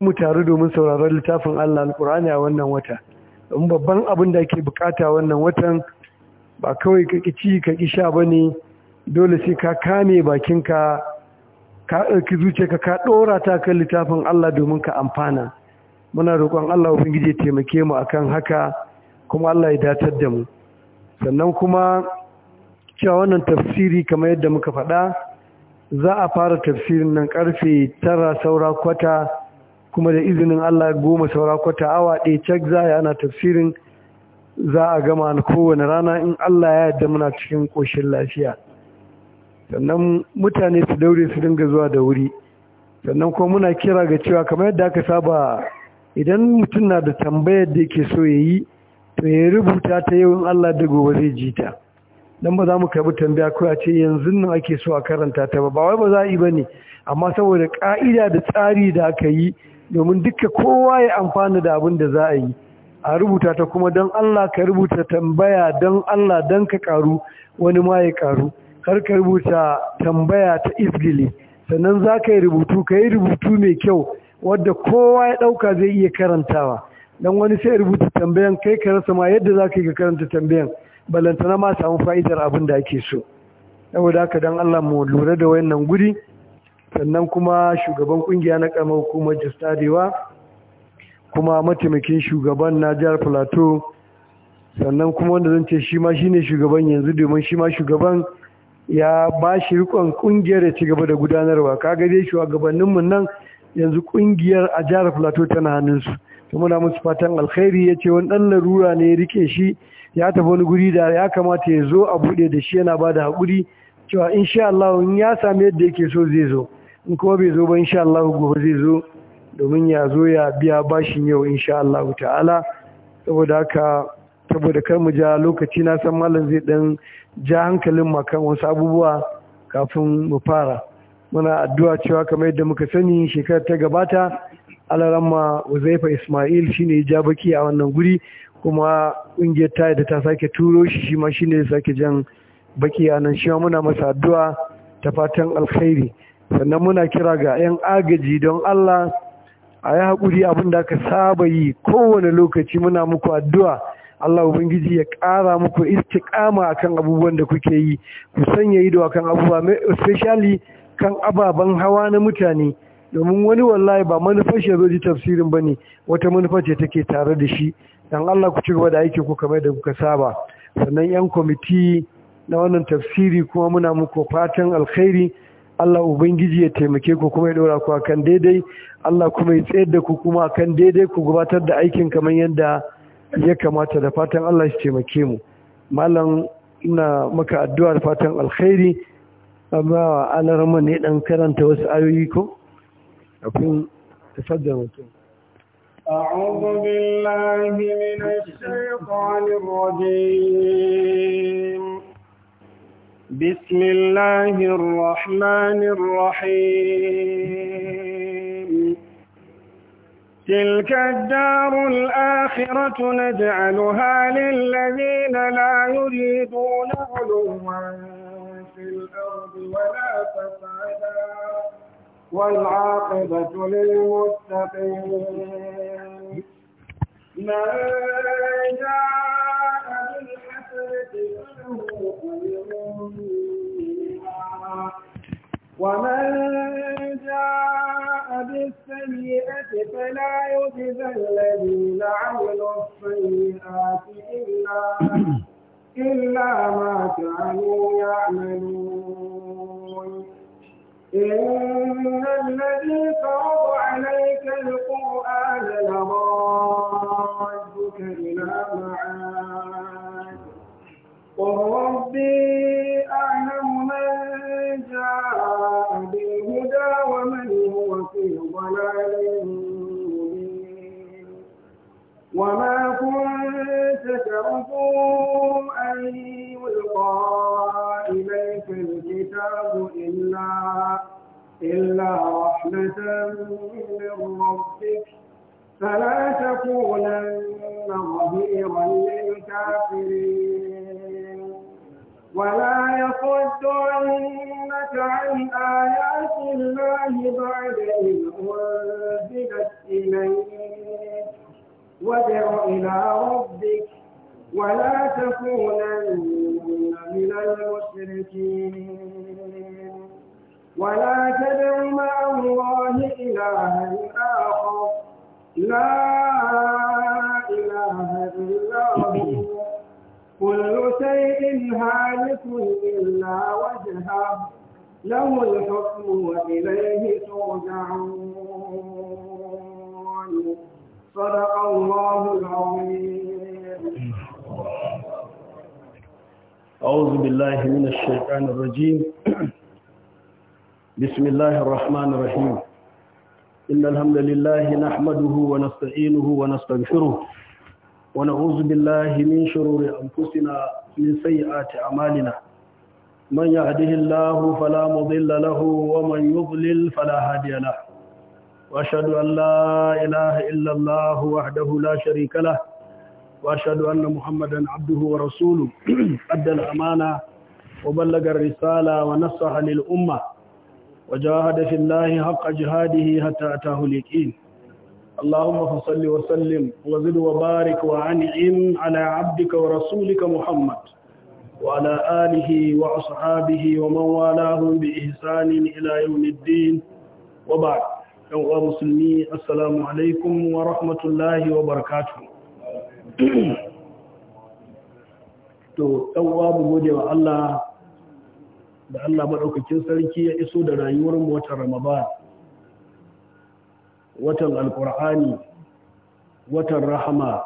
mu taru domin sauraron littafin Allah alkur'ani a wannan wata in babban abin da ake bukata wannan watan ba kawai ka ci ka ki sha bane dole sai ka kame bakinka ka ɗauki zuciya ka ɗora ta kan littafin Allah domin ka amfana muna roƙon Allah ubangiji ya taimake mu akan haka kuma Allah ya datar da mu sannan kuma cewa wannan tafsiri kamar yadda muka faɗa za a fara tafsirin nan ƙarfe, tara saura kwata kuma da izinin Allah goma saura kwata awa ɗaya cak za a ana tafsirin za a gama na kowane rana in Allah ya yadda muna cikin ƙoshin lafiya sannan mutane su daure su dinga zuwa da wuri sannan kuma muna kira ga cewa kamar yadda aka saba idan mutum na da tambayar da yake so ya yi to ya rubuta ta yau in Allah da gobe zai ji ta dan ba za mu karɓi tambaya ko ya ce yanzu nan ake so a karanta ta ba ba wai ba za a yi ba ne. amma saboda ƙa'ida da tsari da aka yi domin duka kowa ya amfani da abin da za a yi a rubuta ta kuma don Allah ka rubuta tambaya don Allah don ka karu wani ma ya karu har ka rubuta tambaya ta isgili sannan za ka yi rubutu ka yi rubutu mai kyau wadda kowa ya ɗauka zai iya karantawa don wani sai rubuta tambayan kai ka rasa ma yadda za ka yi ka karanta tambayan balantana ma samu fa'idar abin da ake so saboda haka don Allah mu lura da wayannan guri sannan kuma shugaban kungiya na karamar hukumar jistadewa kuma mataimakin shugaban na jihar plateau sannan kuma wanda zan ce shi ma shi ne shugaban yanzu domin shi ma shugaban ya ba shi rikon kungiyar ya ci gaba da gudanarwa kaga wa shugabanninmu nan yanzu kungiyar a jihar plateau tana hannunsu to muna musu fatan alkhairi ya ce wani ɗan larura ne ya rike shi ya tafi wani guri da ya kamata ya zo a buɗe da shi yana ba da haƙuri cewa insha Allah in ya sami yadda yake so zai zo in kuma bai zo ba insha Allah gobe zai zo domin ya zo ya biya bashin yau insha Allah ta'ala saboda haka saboda kar mu ja lokaci na san malam zai dan ja hankalin ma kan wasu abubuwa kafin mu fara muna addu'a cewa kamar yadda muka sani shekarar ta gabata alaramma Uzaifa Ismail shine ya ja baki a wannan guri kuma kungiyar ta da ta sake turo shi shi ma shine ya sake jan baki a nan shi muna masa addu'a ta fatan alkhairi sannan muna kira ga 'yan agaji don Allah a yi haƙuri abin da aka saba yi kowane lokaci muna muku addu'a Allah Ubangiji ya ƙara muku istiƙama a kan abubuwan da kuke yi ku sanya ido a kan abubuwa especially kan ababen hawa na mutane domin wani wallahi ba manufar shi zoji tafsirin ba ne wata manufa ce take tare da shi don Allah ku ci gaba da aiki ku kamar da kuka saba sannan 'yan kwamiti na wannan tafsiri kuma muna muku fatan alkhairi Allah Ubangiji ya taimake ku kuma ya ɗora ku akan daidai Allah kuma ya tsayar da ku kuma akan daidai ku gabatar da aikin kamar yadda ya kamata da fatan Allah ya taimake mu malam ina maka addu'a fatan alkhairi amma alar ne dan karanta wasu ayoyi ko kafin tafaddar mutum أعوذ بالله بسم الله الرحمن الرحيم تلك الدار الآخرة نجعلها للذين لا يريدون علوا في الأرض ولا فسادا والعاقبة للمتقين من جاء ومن جاء بالسيئة فلا يجزى الذين عملوا السيئات إلا إلا ما كانوا يعملون إن له الحكم وإليه ترجعون صدق الله العظيم أعوذ بالله من الشيطان الرجيم بسم الله الرحمن الرحيم إن الحمد لله نحمده ونستعينه ونستغفره ونعوذ بالله من شرور أنفسنا من سيئات أعمالنا من يهده الله فلا مضل له ومن يضلل فلا هادي له وأشهد أن لا إله إلا الله وحده لا شريك له وأشهد أن محمدا عبده ورسوله أدى الأمانة وبلغ الرسالة ونصح للأمة وجاهد في الله حق جهاده حتى أتاه اليقين اللهم صل وسلم وزد وبارك وأنعم على عبدك ورسولك محمد وعلى آله وأصحابه ومن والاهم بإحسان إلى يوم الدين وبعد يوم مسلمي السلام عليكم ورحمة الله وبركاته to ɗan'uwa mu gode wa Allah da Allah maɗaukakin sarki ya iso da rayuwar watan Ramadan watan Alƙur'ani watan rahama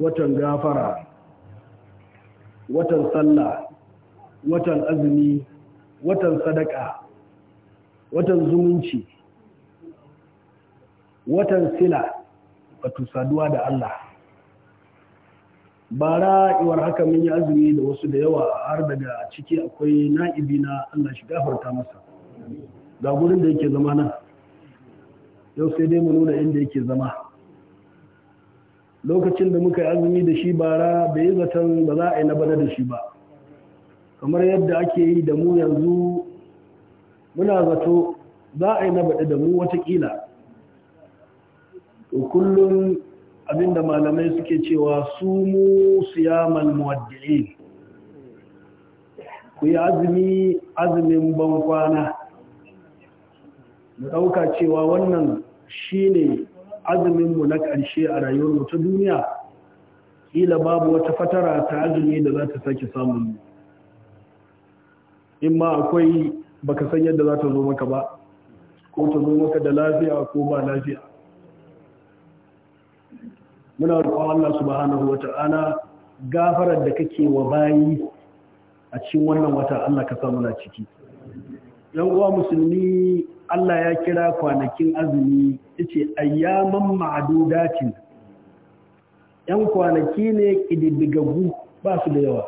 watan gafara watan sallah watan azumi watan sadaka watan zumunci watan sila wato saduwa da Allah bara iwar haka mun yi azumi da wasu da yawa har daga ciki akwai na'ibi na Allah shi gafarta masa ga gurin da yake zama nan yau sai dai mu nuna inda yake zama lokacin da muka yi azumi da shi bara bai yi zaton ba za a yi na bana da shi ba kamar yadda ake yi da mu yanzu muna zato za a yi na baɗi da mu watakila kullum abinda malamai suke cewa su mu siyaman muwaddi'i ku yi azumi azumin ban kwana Mu ɗauka cewa wannan shi ne. azumin mu na ƙarshe a rayuwarmu ta duniya kila babu wata fatara ta azumi da za ta sake samun in ma akwai baka san yadda za ta zo maka ba ko ta zo maka da lafiya ko ba lafiya muna roƙon Allah subhanahu wata'ala gafarar da kake wa bayi a cikin wannan wata Allah ka sa muna ciki yan uwa musulmi Allah ya kira kwanakin azumi yace ayyaman ma'dudatin yan kwanaki ne kididdigaggu ba su da yawa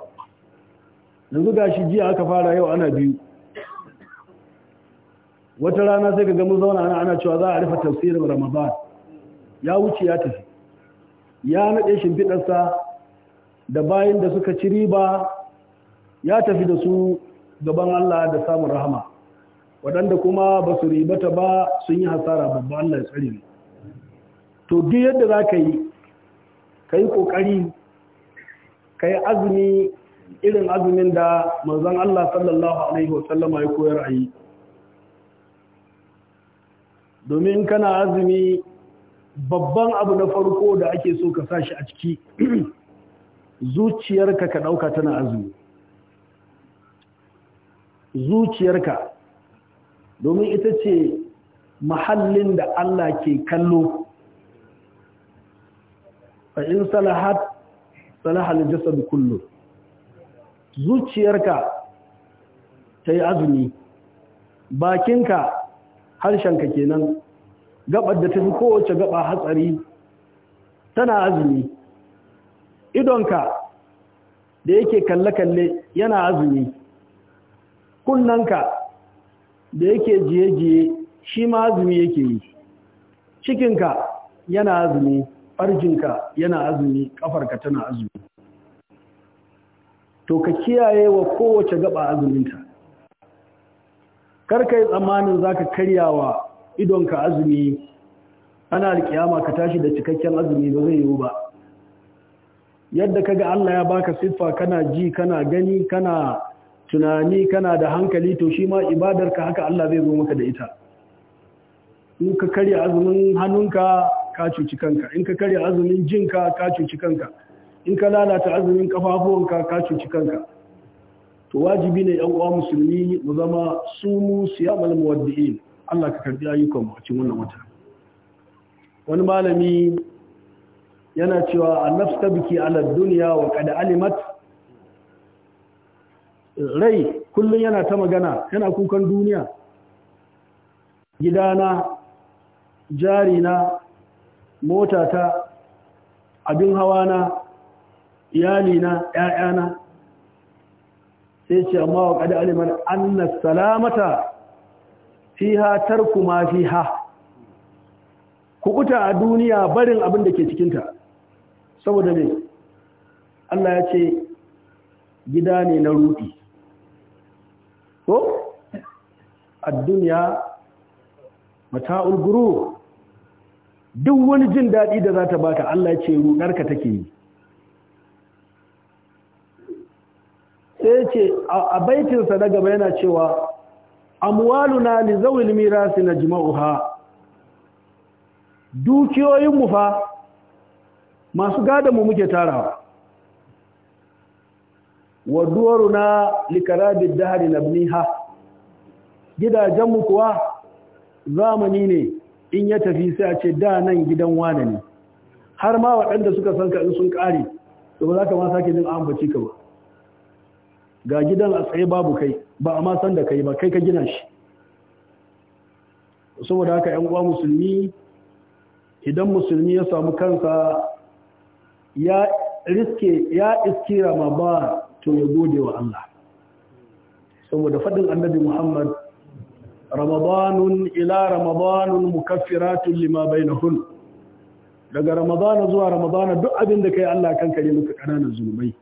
yanzu gashi jiya aka fara yau ana biyu wata rana sai ka ga mun zauna ana ana cewa za a rufe tafsirin Ramadan ya wuce ya tafi ya nade shimfiɗarsa da bayan da suka ci riba ya tafi da su gaban Allah da samun rahama waɗanda kuma ba su ribata ba sun yi hasara babba Allah ya tsare ne to duk yadda za ka yi ka yi ƙoƙari ka yi azumi irin azumin da manzon Allah sallallahu alaihi wasallama ya koyar a yi domin kana azumi babban abu na farko da ake so ka sashi a ciki zuciyarka ka ɗauka tana azumi zuciyarka domin ita ce mahallin da Allah ke kallo a in salahat salahal jasad kullu zuciyarka ta yi azumi bakinka harshenka kenan gabar da ta fi kowace gaba hatsari tana azumi idonka da yake kalle-kalle yana azumi kunnanka da yake jiye-jiye shi ma azumi yake yi cikinka yana azumi farjinka yana azumi kafarka tana azumi to ka kiyaye wa kowace gaba azuminta karka yi tsammanin za ka karya wa idonka azumi ana alkiyama ka tashi da cikakken azumi ba zai yiwu ba yadda ka ga Allah ya baka siffa kana ji kana gani kana tunani kana da hankali to shi ma ibadarka haka Allah zai zo maka da ita in ka karya azumin hannunka ka cuci kanka in ka karya azumin jinka ka cuci kanka in ka lalata azumin kafafuwanka ka cuci kanka to wajibi ne yan uwa musulmi mu zama sumu siyamal muwaddi'in Allah ka karbi ayyukan mu a cikin wannan wata wani malami yana cewa annafsa tabki ala dunya wa qad alimat rai kullum yana ta magana yana kukan duniya gidana jarina motata abin hawa na, iyalina ‘ya'yana sai ce amma wa ƙada alimar anna salamata fiha tarku ma fiha kukuta a duniya barin abin da ke cikinta saboda ne Allah ya ce gida ne na ruɗi ko ad mata'ul guru duk wani jin daɗi da za ta baka Allah ce rudarka take yi sai ce a baitinsa na gaba yana cewa amwaluna li zawil mirasi najma'uha mu fa masu gada mu muke tarawa wa duwaruna dahari na nabniha gidajenmu kuwa zamani ne in ya tafi sai a ce da nan gidan wane ne har ma waɗanda suka san ka in sun kare to ba za ka ma sake jin an ka ba ga gidan a tsaye babu kai ba a san da kai ba kai ka gina shi saboda haka yan uwa musulmi idan musulmi ya samu kansa ya riske ya iskira ma ba to ya gode wa Allah saboda faɗin annabi Muhammad ramadanun ila ramadanun mukaffiratun lima bainahun daga ramadana zuwa ramadana duk abin da yi Allah kan kare maka kananan zunubai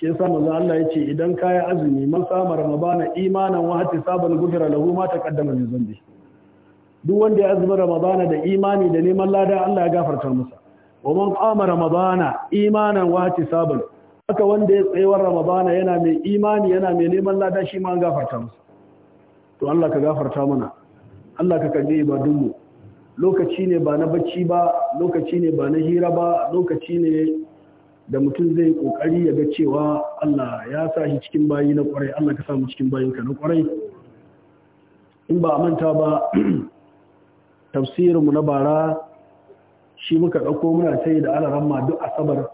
shi yasa manzo Allah yace idan kai azumi man sama ramadana imanan wa hatisaban gufira lahu ma taqaddama min zambi duk wanda ya azumi ramadana da imani da neman lada Allah ya gafarta masa wa man qama ramadana imanan wa sabon. haka wanda ya tsayewar ramadana yana mai imani yana mai neman lada shi ma gafarta musu to Allah ka gafarta mana Allah ka ibadun mu lokaci ne ba na bacci ba lokaci ne ba na hira ba lokaci ne da mutum zai kokari ya ga cewa Allah ya sa shi cikin bayi na kwarai Allah ka sa mu cikin bayin ka na kwarai in ba a manta ba mu na bara shi muka dauko muna sai da alaramma duk asabar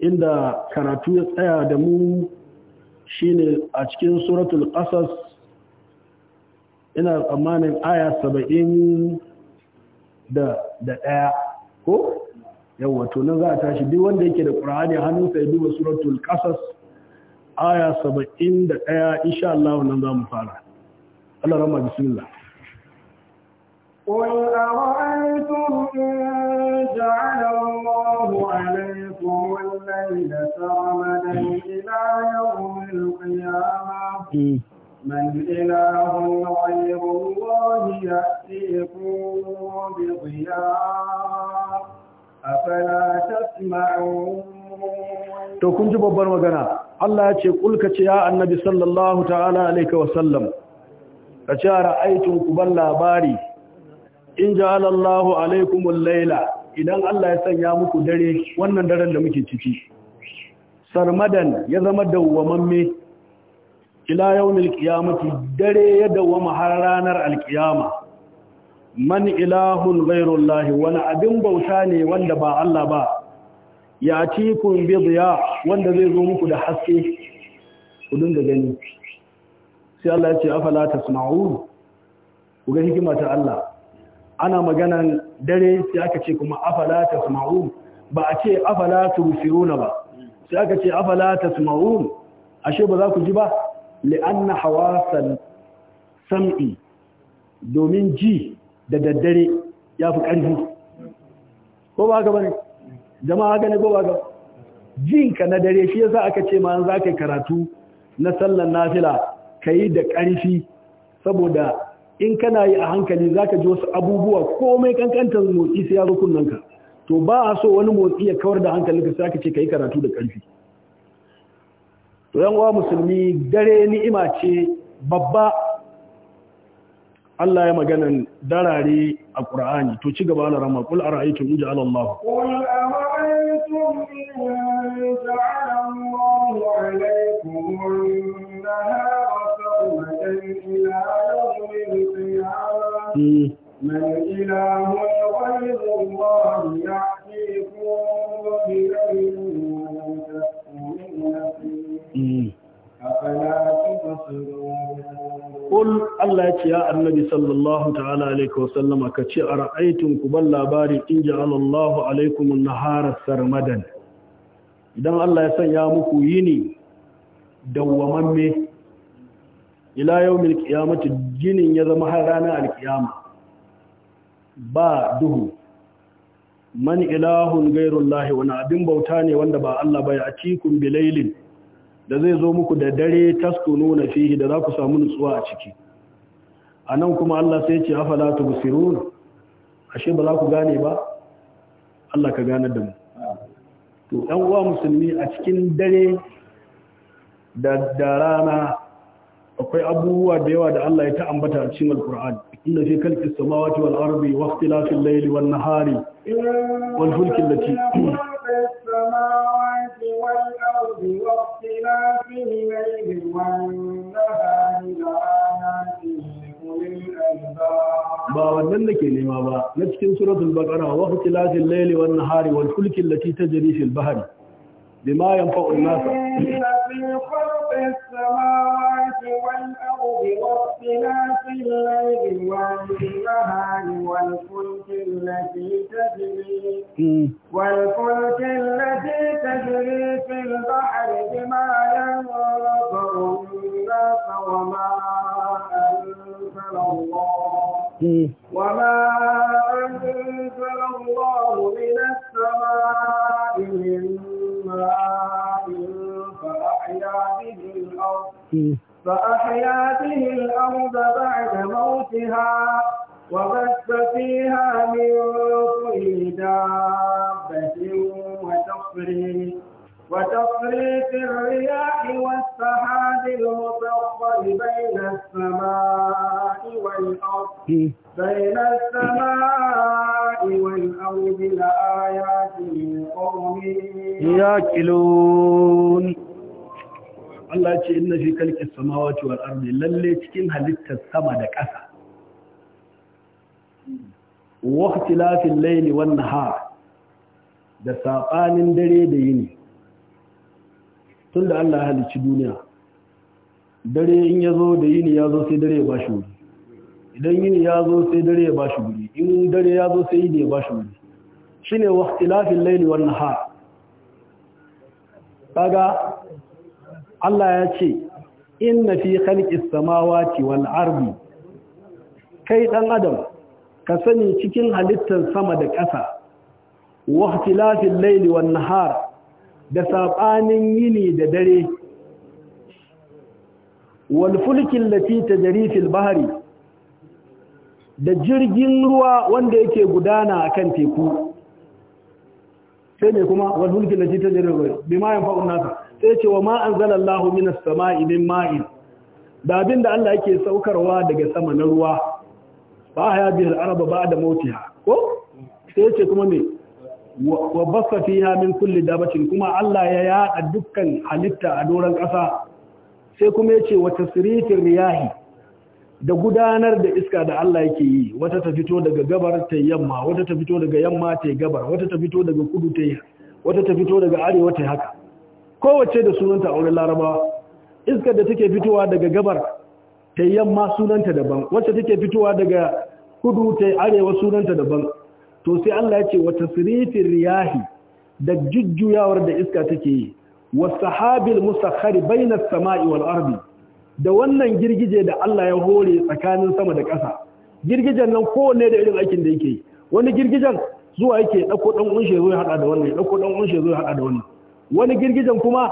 inda karatu ya tsaya da mu shine a cikin suratul qasas ina tsammanin aya saba'in da ɗaya ko yawa to nan za a tashi duk wanda yake da ƙur'ani hannunsa ya duba suratul qasas aya saba'in da ɗaya insha Allah nan za mu fara Allah rama bismillah قل أرأيتم إن جعل الليل سرمدا إلى يوم القيامة من إله غير الله يأتيكم بضياء أفلا تسمعون To kun ji babbar magana, Allah ya ce, Kulka ce ya annabi sallallahu ta'ala alaika wasallam, ka ce a ra'aikin ku ban labari, in ja'alallahu alaikumul laila, idan Allah ya sanya muku dare wannan daren da muke ciki sarmadan ya zama dawwamamme ila yawmil qiyamati dare ya dawwama har ranar alqiyama man ilahun ghairullahi wani abin bauta ne wanda ba Allah ba ya ci kun bi wanda zai zo muku da haske ku dinga gani sai Allah ya ce afala tasma'un ku ga hikima ta Allah ana maganan dare sai aka ce kuma afala tasma'un ba a ce afala tusiruna ba sai aka ce afala tasma'un ashe ba za ku ji ba li'anna hawasan sam'i domin ji da daddare ya fi ƙarfi ko ba ga bane jama'a haka ne ko ba Jin ka na dare shi yasa aka ce ma za ka karatu na sallan nafila ka yi da ƙarfi saboda in kana yi a hankali za ka ji wasu abubuwa komai kankantar motsi sai ya zo kunnanka to ba a so wani motsi ya kawar da hankali ka aka ce ka yi karatu da ƙarfi. to yan uwa musulmi dare ni'ima ce babba Allah ya magana darare a Qur'ani to ci gaba da rama kul ara'aytum in ja'ala Allah kul ara'aytum in ja'ala Allah يأتي من إله غير الله يأتيكم بليل تسكنون Allah ya ce ya annabi sallallahu ta'ala alaihi wasallama ka ce a ra'aitin ku ban labari in ja'ala Allahu na nahara sarmadan idan Allah ya sanya muku yini dawwamamme ila ginin ya zama har ranar alkiyama ba duhu man ilahun gairun lahi wani abin bauta ne wanda ba Allah bai a cikin bilailin da zai zo muku da dare taskunu nuna fihi da za ku samu nutsuwa a ciki a nan kuma Allah sai ce afala tu busirun ashe ba za ku gane ba Allah ka gane da mu to ɗan uwa musulmi a cikin dare da rana akwai abubuwa da yawa da Allah ya ta ambata a cikin Al-Qur'an inna fi khalqi samawati wal ardi wa ikhtilafi al-layli wan nahari wal fulki allati ba wannan da ke nema ba na cikin suratul baqara wa ikhtilafi al-layli wan nahari wal fulki allati tajri fil bahri bima yanfa'u an-nas والأرض واختلاف الليل والنهار والفلك التي تجري والفلك التي تجري في البحر بما ينفع الناس وما أنزل الله وما أنزل الله من السماء من ماء فأحيا به الأرض فأحيا به الأرض بعد موتها وبث فيها من كل دابة وتصريف وتفريق الرياح والسحاب المطفل بين السماء والأرض بين السماء والأرض لآيات لقوم يعقلون Allah ce inna fi kalqis samawati wal ardi lalle cikin halittar sama da ƙasa wa ikhtilafil layli wan nahar da sabanin dare da yini tunda Allah ya halicci duniya dare in yazo da yini yazo sai dare ya bashi wuri idan yini yazo sai dare ya bashi wuri in dare yazo sai yini ya bashi wuri shine wa ikhtilafil layli wan nahar kaga Allah ya ce inna fi khalqis samawati wal ardi kai dan adam ka sani cikin halittar sama da ƙasa wa ikhtilafil layli wan nahar da sabanin yini da dare wal fulki allati tajri fil bahri da jirgin ruwa wanda yake gudana akan teku sai ne kuma wal fulki allati tajri bi ma nasa sai ce wa ma anzalallahu minas sama'i min ma'in da abinda Allah yake saukarwa daga sama na ruwa ba ya biyar araba ba da mautiha ko sai ce kuma me wa basa fiha min kulli dabatin kuma Allah ya yada dukkan halitta a doron ƙasa sai kuma ya ce wata tasrifir riyahi da gudanar da iska da Allah yake yi wata ta fito daga gabar ta yamma wata ta fito daga yamma ta gabar wata ta fito daga kudu ta wata ta fito daga arewa ta haka kowace da sunanta a wurin larabawa iskar da take fitowa daga gabar ta yi yamma sunanta daban wacce take fitowa daga kudu ta yi arewa sunanta daban to sai Allah ya ce wata sirifin riyahi da jujjuyawar da iska take yi wa sahabil musakhari bayna samai wal ardi da wannan girgije da Allah ya hore tsakanin sama da ƙasa girgijen nan kowanne da irin aikin da yake yi wani girgijen zuwa yake dauko dan unshe zo ya hada da wannan dauko dan unshe zo ya hada da wannan wani girgijen kuma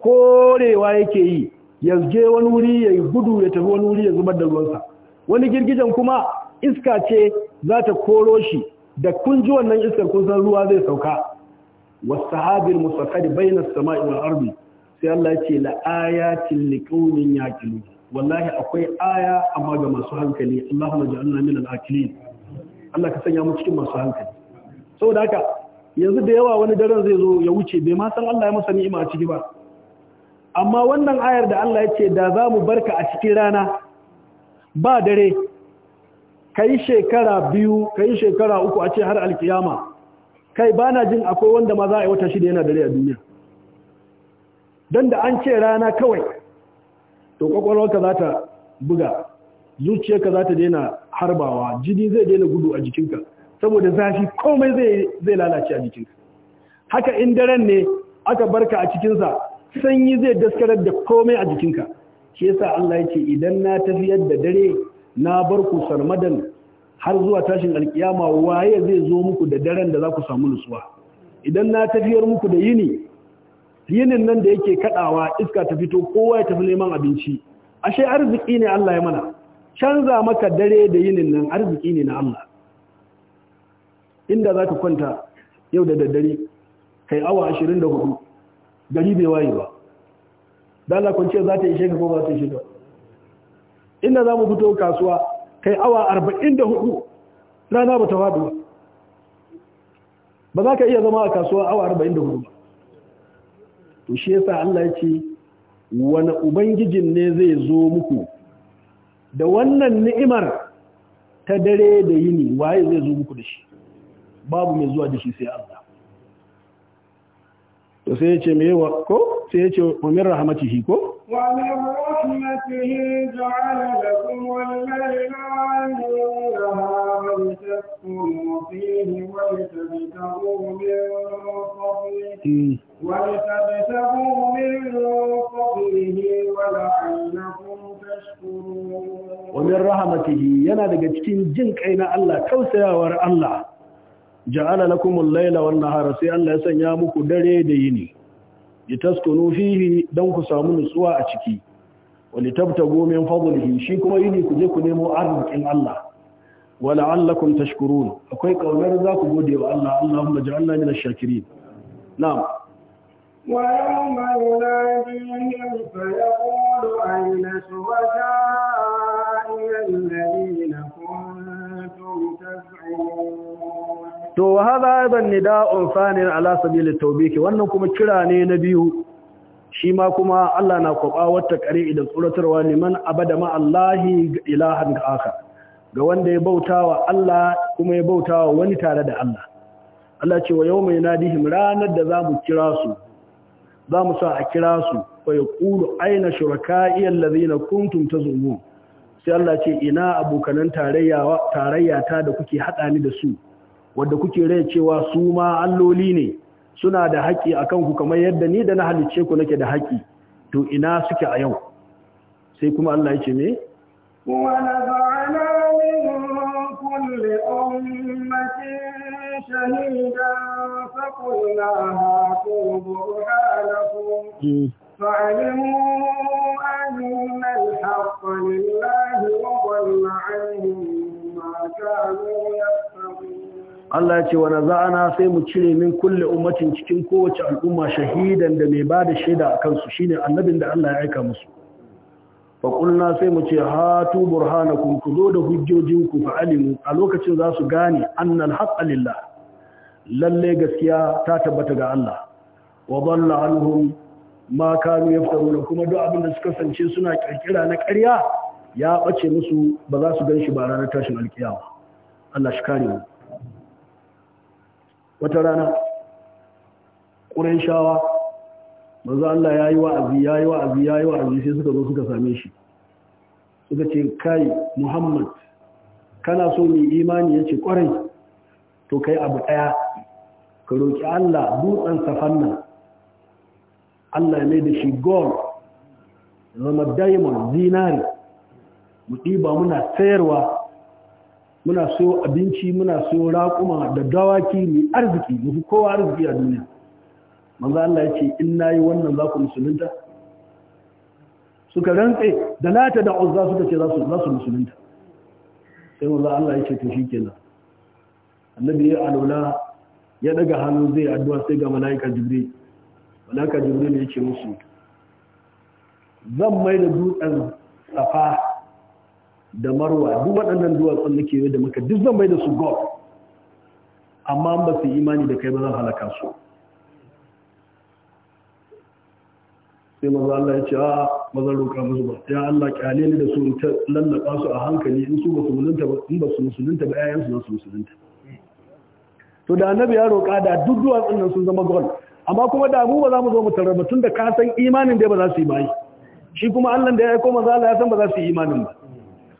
korewa yake yi ya je wani wuri ya gudu ya tafi wani wuri ya zubar da ruwansa wani girgijen kuma iska ce za ta koro shi da kun ji wannan iskar kun san ruwa zai sauka wasahabil musaqqad bayna samai wal ardi sai Allah ce la ayatin liqaumin yaqilun wallahi akwai aya amma ga masu hankali Allahumma ja'alna min al-aqilin Allah ka sanya mu cikin masu hankali saboda haka yanzu da yawa wani daren zai zo ya wuce bai ma san Allah ya masa ni'ima a ciki ba amma wannan ayar da Allah ya ce da za mu barka a cikin rana ba dare kai shekara biyu kai shekara uku a ce har alkiyama kai ba na jin akwai wanda ma za a yi wata shida yana dare a duniya don da an ce rana kawai to kwakwalwarka za ta buga zuciyarka za ta daina harbawa jini zai daina gudu a jikinka saboda zafi komai zai lalace a jikinka haka in daren ne aka barka a cikinsa sanyi zai daskarar da komai a jikinka shi yasa Allah yake idan na tafiyar da dare na bar ku sarmadan har zuwa tashin alkiyama waye zai zo muku da daren da za ku samu nutsuwa idan na tafiyar muku da yini yinin nan da yake kadawa iska ta fito kowa ya tafi neman abinci ashe arziki ne Allah ya mana canza maka dare da yinin nan arziki ne na Allah inda za ka kwanta yau da daddare kai awa 24 gari bai waye ba dala kwanciya za ta ishe ka ko ba ta ishe ka inda za mu fito kasuwa kai awa 44 rana ba ta faɗuwa ba za ka iya zama a kasuwa awa 44 ba to shi yasa Allah ya ce wani ubangijin ne zai zo muku da wannan ni'imar ta dare da yini waye zai zo muku da shi babu mai zuwa da sai Allah to sai ya ce me wa, ko sai ya ce wa min rahmatihi ko wa min rahmatihi ja'ala lakum al-layla wan-nahara litaskunu fihi wa litabtaghu hmm. yana daga cikin jin kai na Allah Allah ja'ala lakumul laila wan nahara sai Allah ya sanya muku dare da yini litaskunu fihi dan ku samu nutsuwa a ciki walitabtagu min fadlihi shi kuma yini ku je ku nemo arzikin Allah wala'allakum tashkurun akwai kaunar za ku gode wa Allah Allahumma ja'alna minash shakirin na'am ويوم يناديهم فيقول أين شركائي to wa hada aidan nida'un fanin ala sabili tawbiki wannan kuma kira ne na biyu shi ma kuma Allah na kwaba wata kare da tsoratarwa liman abada ma Allahi ilahan aka ga wanda ya bautawa Allah kuma ya bautawa wani tare da Allah Allah ce wa yawma yanadihim ranar da zamu kira su zamu sa a kira su fa yaqulu aina shuraka'i alladhina kuntum tazumun sai Allah ce ina abokanan tarayya tarayya ta da kuke hada ni da su wadda kuke rai cewa su ma alloli ne suna da haƙƙi akan ku kamar yadda ni da na halicce ku nake da haƙƙi to ina suke a yau sai kuma Allah ya ce me فقلنا هاتوا برهانكم فعلموا أن الحق لله وضل عنهم ما كانوا يفترون Allah ya ce wa naza'ana sai mu cire min kulle ummatin cikin kowace al'umma shahidan da mai ba da shaida a kansu shine annabin da Allah ya aika musu fa qulna sai mu ce hatu burhanakum ku zo da hujjojinku fa alimu a lokacin za su gane annal haqqa lillah lalle gaskiya ta tabbata ga Allah wa dalla anhum ma kanu yaftaruna kuma duk abin da suka sance suna kirkira na ƙarya ya bace musu ba za su gan shi ba ranar tashin alkiyama Allah shi kare mu wata rana shawa. manzo Allah ya yi wa'azi ya yi wa'azi ya yi wa'azi sai suka zo suka same shi suka ce kai Muhammad kana so mai imani ce ƙwarai to kai abu ɗaya. ka roƙi Allah dutsen safanna Allah ya mai da shi Gol, zama diamond zinari mu ɗiba muna sayarwa muna so abinci muna so raƙuma da dawaki mai arziki mafi kowa arziki a duniya manzo Allah ya ce in nayi wannan za ku musulunta suka rantse da lata da uzza suka ce za su za su musulunta sai manzo Allah ya ce to shikenan annabi ya alula ya daga hannu zai addu'a sai ga malaika jibril malaika jibril ya ce musu zan mai da dutsen safa da marwa duk waɗannan duwatsun da kewaye da maka duk zan bai da su god amma ba su imani da kai ba zan halaka su sai maza Allah ya ce a maza roƙa musu ba ya Allah ƙyale ni da su ta lallaba su a hankali in su ba su musulunta ba in ba su musulunta ba yayan su za su musulunta to da annabi ya roƙa da duk duwatsun nan sun zama gol amma kuma da mu ba za mu zo mu tarraba tun da ka san imanin da ba za su yi bayi shi kuma Allah da ya aiko maza Allah ya san ba za su yi imanin ba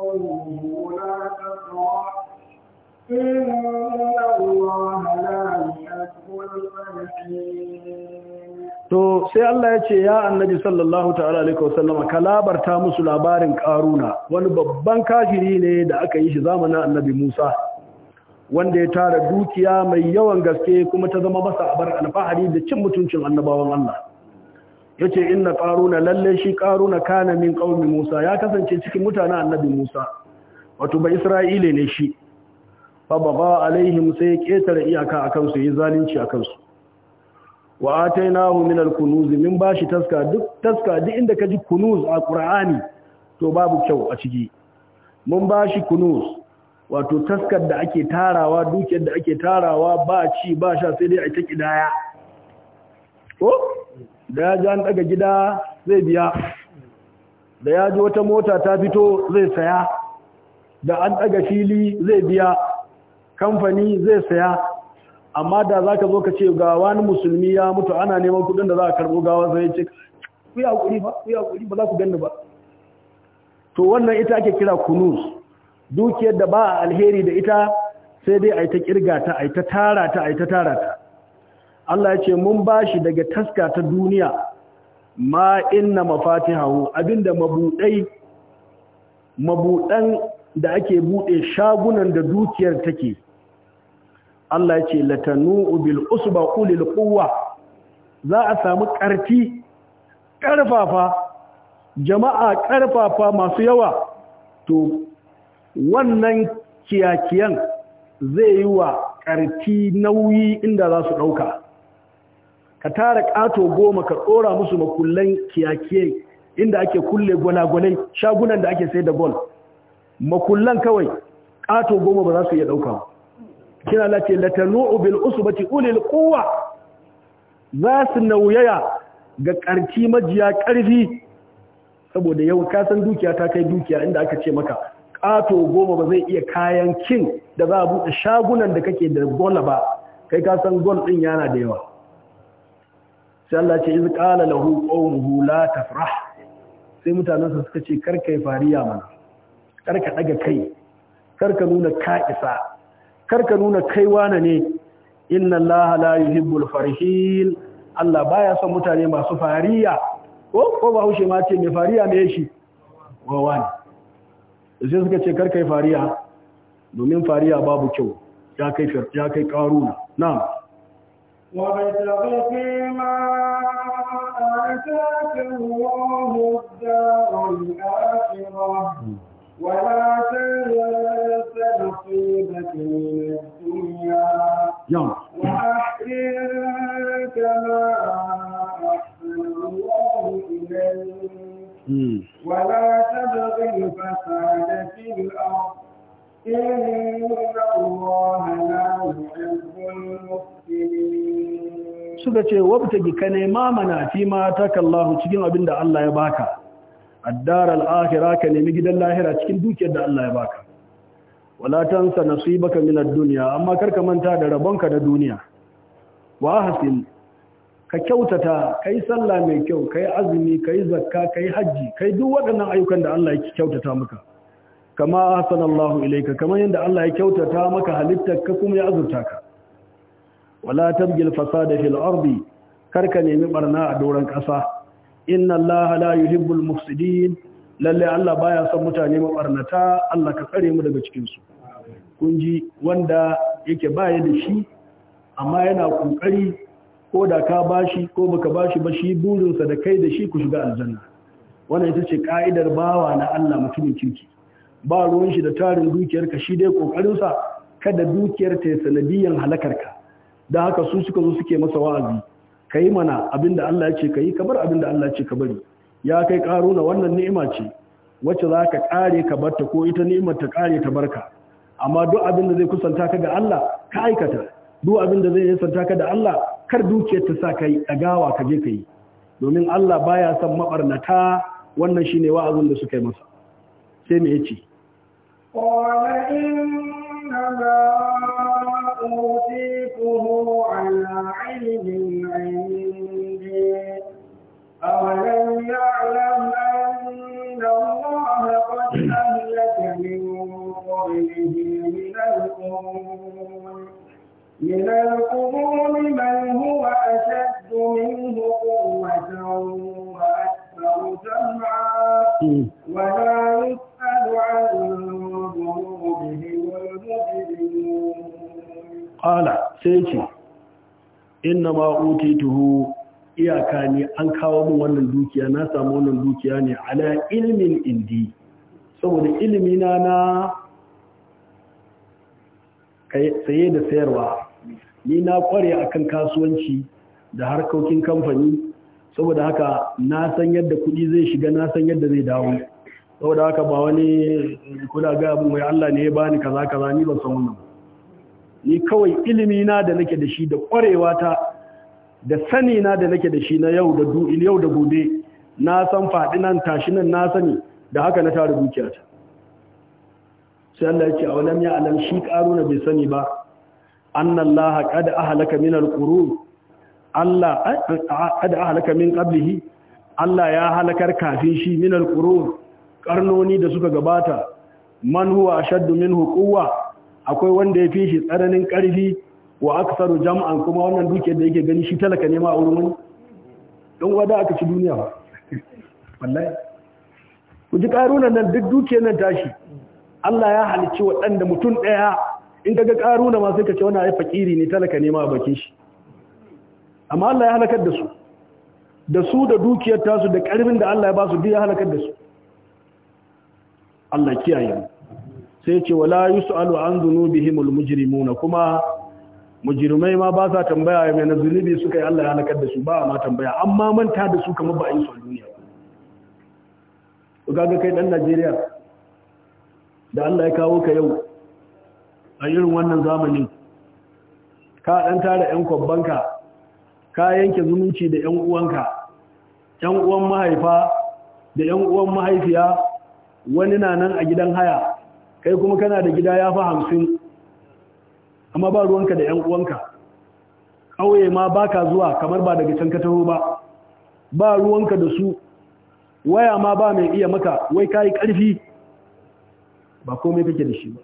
to sai Allah ya ce ya annabi sallallahu ta'ala alaihi Sallama ka labarta musu labarin karuna wani babban kafiri ne da aka yi shi zamanin annabi Musa wanda ya tara dukiya mai yawan gaske kuma ta zama masa abar alfahari da cin mutuncin annabawan Allah yace inna qaruna lalle shi qaruna kana min qaumi Musa ya kasance cikin mutanen annabi Musa wato ba Isra'ile ne shi fa baga alaihim sai ƙetare iyaka akan su yi zalunci akan su wa atainahu min al-kunuz min bashi taska duk taska duk inda kaji kunuz a Qur'ani to babu kyau a ciki mun bashi kunuz wato taskar da ake tarawa dukiyar da ake tarawa ba ci ba sha sai dai a ta kidaya da ya ji an daga gida zai biya da ya ji wata mota ta fito zai saya da an daga fili zai biya kamfani zai saya amma da za ka zo ka ce ga wani musulmi ya mutu ana neman kudin da za a karbo gawa zai ce ku kuri ba ku kuri ba za ku ganni ba to wannan ita ake kira kunus dukiyar da ba alheri da ita sai dai a yi ta kirga ta a yi ta tara ta a yi ta tara ta Allah ya ce mun bashi daga taska ta duniya ma inna mafatihahu abinda mabudai mabudan da ake bude shagunan da dukiyar take Allah ya ce latanu bil usba ulil quwwa za a samu karfi karfafa jama'a karfafa masu yawa to wannan kiyakiyan zai yi wa karfi nauyi inda za su dauka ka tara ƙato goma ka ɗora musu makullan kiyakiyai inda ake kulle gwalagwalai shagunan da ake sai da bol makullan kawai ƙato goma ba za su iya ɗauka kina lati latanu'u bil bati ulil kowa za su nauyaya ga ƙarfi majiya ƙarfi saboda yau kasan dukiya ta kai dukiya inda aka ce maka ƙato goma ba zai iya kayan kin da za a buɗe shagunan da kake da gola ba kai kasan san gol ɗin yana da yawa sai Allah ce iz qala lahu qawmuhu la tafrah sai mutanansa suka ce karkai fariya mana karka daga kai karka nuna ka isa karka nuna kai wane ne inna Allah la yuhibbul farihin Allah baya son mutane masu fariya ko ko ba haushe ma ce mai fariya me shi wawa ne sai suka ce karkai fariya domin fariya babu kyau ya kai ya kai karuna na'am وابتغ ما آتاك الله الدار الآخرة ولا تنس نصيبك من الدنيا وأحسن كما أحسن الله إليك ولا تبغي الفساد في الأرض إن suka ce wabtagi ka nema mana fi ma kallahu cikin abin da Allah ya baka addar al-akhirah ka nemi gidan lahira cikin dukiyar da Allah ya baka wala tansa nasibaka min ad-dunya amma karka manta da rabonka da duniya wa hasin ka kyautata kai sallah mai kyau kai azumi kai zakka kai hajji kai duk waɗannan ayyukan da Allah ya kyautata maka kama ahsanallahu ilayka kamar yadda Allah ya kyautata maka ka kuma ya azurta ka wala tabgil fasada fil ardi karka nemi barna a doron kasa inna allaha la yuhibbul mufsidin lalle Allah baya son mutane barnata, Allah ka tsare mu daga cikin su kun ji wanda yake baya da shi amma yana kokari ko da ka bashi ko baka bashi ba shi burinsa da kai da shi ku shiga aljanna wannan ita ce ka'idar bawa na Allah mutumin kirki ba ruwan shi da tarin dukiyarka shi dai kokarinsa kada dukiyar ta sanadiyan ka da haka su suka zo suke masa wa'azi ka yi mana abinda Allah ya ce ka yi abin abinda Allah ya ce ka bari ya kai na wannan ni'ima ce wacce za ka kare ka barta ko ita ni'imar ta kare ta barka amma duk abin da zai kusanta ka ga Allah ka aikata duk abin da zai nisanta ka da Allah kar dukiyar ta sa ka yi dagawa ka je ka domin Allah baya son mabarnata wannan shine wa'azin da suka yi masa sai me yace أوتيته على علم عندي أولم يعلم أن الله قد أهلك من قبله من القرون من القرون من هو أشد منه قوة وأكثر جمعا ولا يسأل عن kala sai ce inna ma utituhu iyaka ne an kawo min wannan dukiya na samu wannan dukiya ne ala ilmin indi saboda ilmi na saye da sayarwa ni na kware akan kasuwanci da harkokin kamfani saboda haka na san yadda kuɗi zai shiga na san yadda zai dawo saboda haka ba wani kula ga abin ya Allah ne ya bani kaza kaza ni ban san wannan ni kawai ilimi na da nake da shi da ƙwarewa ta da sani na da nake da shi na yau da yau da gobe na san faɗi nan tashi nan na sani da haka na tara ta. sai Allah ya ce a walam ya alam shi karuna bai sani ba annallaha qad ahlaka min alqurun Allah qad ahlaka min qablihi Allah ya halakar kafin shi min alqurun karnoni da suka gabata man huwa ashaddu minhu quwwa akwai wanda ya fi shi tsananin ƙarfi wa aksaru jam'an kuma wannan dukiyar da yake gani shi talaka ne ma a wurin wani don wada aka ci duniya ba wallahi ku ji ƙarunan nan duk dukiyar nan tashi Allah ya halicci waɗanda mutum ɗaya in ga ƙaruna ma sai ka ce wani ai fakiri ne talaka ne ma a bakin shi amma Allah ya halakar da su da su da dukiyar tasu da ƙarfin da Allah ya ba su duk ya halakar da su Allah kiyaye mu sai ce wala yus'alu an dhunubihimul mujrimuna kuma mujrimai ma ba sa tambaya mai na zunubi suka yi Allah ya halakar da su ba ma tambaya amma manta da su kamar ba a yi su a duniya to kaga kai dan Najeriya da Allah ya kawo ka yau a irin wannan zamanin ka dan tare yan kwabbanka ka yanke zumunci da yan uwanka yan uwan mahaifa da yan uwan mahaifiya wani na nan a gidan haya kai kuma kana da gida ya fi hamsin amma ba ruwanka da 'yan uwanka ƙauye ma ba ka zuwa kamar ba daga can ka taho ba ba ruwanka da su waya ma ba mai iya maka wai ka yi ƙarfi ba komai kake da shi ba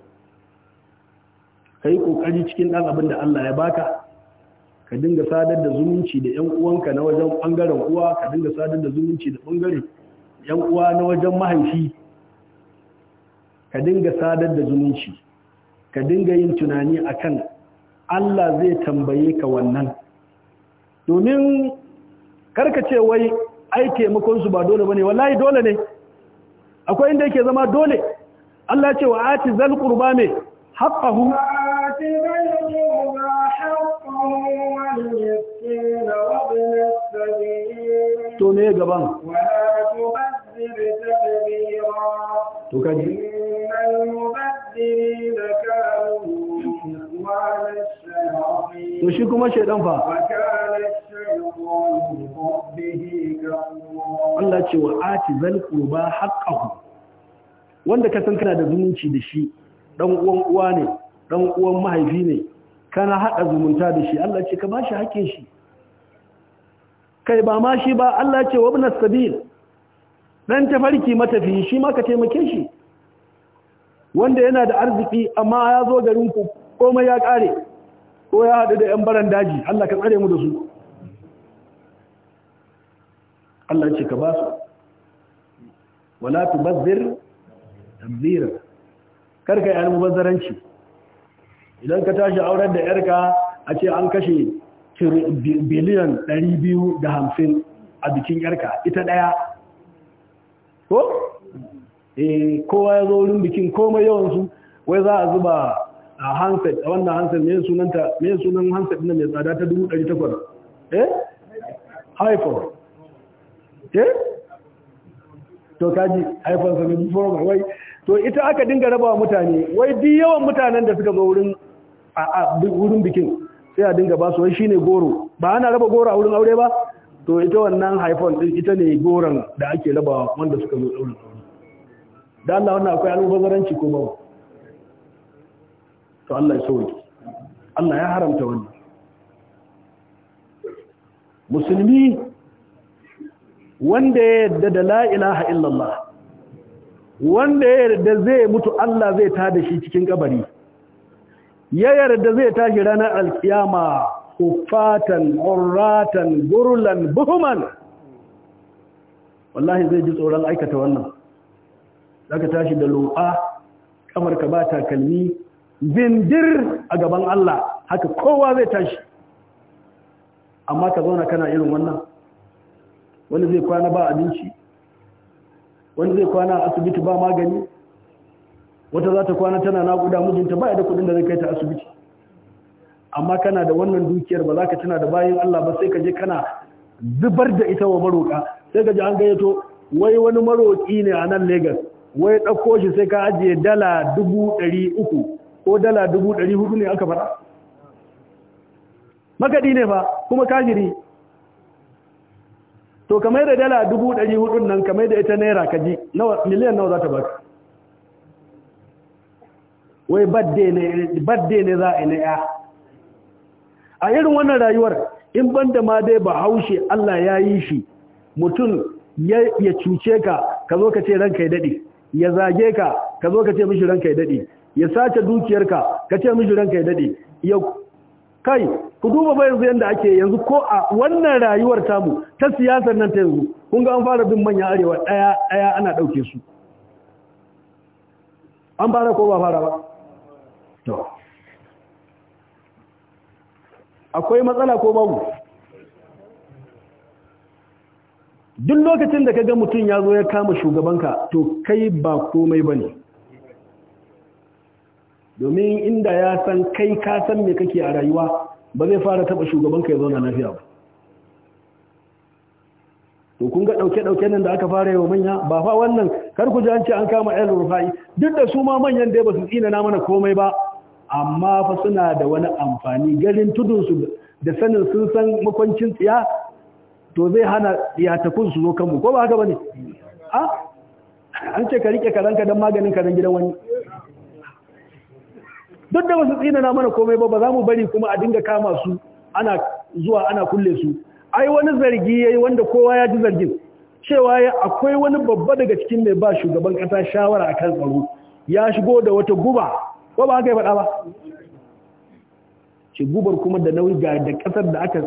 ka yi ƙoƙari cikin ɗan abin da Allah ya baka ka dinga sadar da zumunci da 'yan uwanka na wajen ɓangaren uwa ka dinga sadar da zumunci da ɓangare 'yan uwa na wajen mahaifi ka dinga sadar da zumunci ka dinga yin tunani akan Allah zai tambaye ka wannan domin ce wai ai taimakon su ba dole bane wallahi dole ne akwai inda yake zama dole Allah ce wa ati zal qurba me haqqahu to ne gaban to kaji المبدلين كانوا إخوان الشياطين وشكما شيطان فا وكان الشيطان لربه كفورا الله يقول ku. حقه wanda ka san kana da zumunci da shi dan uwan uwa ne dan uwan mahaifi ne kana hada zumunta da shi Allah ce ka bashi hakkin shi kai ba ma shi ba Allah ce wa ibn sabil dan tafarki matafi shi ma ka taimake shi wanda yana da arziki amma ya zo garin ku komai ya kare ko ya haɗu da 'yan baran daji Allah ka tsare mu da su Allah ce ka ba su wala tu bazzir tabzira karka yi almubazzaranci idan ka tashi auren da yarka a ce an kashe biliyan 250 a bikin yarka ita ɗaya. ko Eh, kowa ya zo wurin bikin komai yawansu wai za a zuba a hanset a wannan hanset me sunanta sunan hanset na mai tsada ta dubu takwas eh iPhone eh to kaji iPhone dubu Pro wai to ita aka dinga raba mutane wai duk yawan mutanen da suka zo wurin a wurin bikin sai a dinga ba su wai shine goro ba ana raba goro a wurin aure ba to ita wannan iPhone ita ne goron da ake raba wanda suka zo wurin da Allah wannan akwai almubazzaranci ko ba. to Allah ya sauki Allah ya haramta wannan musulmi wanda ya yarda da la ilaha illallah wanda ya yarda zai mutu Allah zai ta da shi cikin kabari ya yarda zai tashi ranar alkiyama kufatan urratan gurlan buhuman wallahi zai ji tsoron aikata wannan zaka tashi da luba kamar ka ba takalmi bindir a gaban Allah haka kowa zai tashi amma ka zauna kana irin wannan wani zai kwana ba abinci wani zai kwana a asibiti ba magani wata za ta kwana tana naƙuda mijinta ba ya da kudin da zai kai ta asibiti amma kana da wannan dukiyar ba za ka tana da bayan Allah ba sai ka je kana zubar da ita wa maroƙa sai ka ji an gayyato wai wani maroƙi ne a nan Legas wai ɗauko shi sai ka ajiye dala dubu ɗari uku ko dala dubu ɗari hudu ne aka faɗa makaɗi ne fa kuma kajiri to kamar da dala dubu ɗari hudun nan kamar da ita naira ka ji miliyan nawa za ta baka wai badde ne za a yi na ya a irin wannan rayuwar in ban da ma dai ba haushe Allah ya yi shi mutum ya cuce ka ka zo ka ce ranka ya daɗe ya zage ka ka zo ka ce mishi ranka ya dade ya sace dukiyarka ka ce mishi ranka ya dade ya kai ku duba ba yanzu yanda ake yanzu ko a wannan rayuwar tamu ta siyasar nan ta yanzu kun ga an fara bin manya arewa daya daya ana dauke su an fara ko ba fara ba to akwai matsala ko babu duk lokacin da ka ga mutum ya zo ya kama shugabanka to kai ba komai ba ne. domin inda ya san kai ka san me kake a rayuwa ba zai fara taba shugabanka ya zauna lafiya ba to kun ga dauke-dauke nan da aka fara yi wa manya ba fa wannan kar ku ji an ce an kama ɗan rufa'i duk da su ma manyan dai ba su tsina na mana komai ba amma fa suna da wani amfani garin tudunsu da sanin sun san makwancin tsiya to zai hana yatakun su zo kanmu ko ba haka bane a an ce ka rike karanka don maganin karen gidan wani duk da wasu tsinana mana komai ba ba za mu bari kuma a dinga kama su ana zuwa ana kulle su ai wani zargi yayi wanda kowa ya ji zargin cewa ya akwai wani babba daga cikin mai ba shugaban kasa shawara kan tsaro ya shigo da wata guba ko ba haka ya faɗa ba ce gubar kuma da nauyi ga da kasar da aka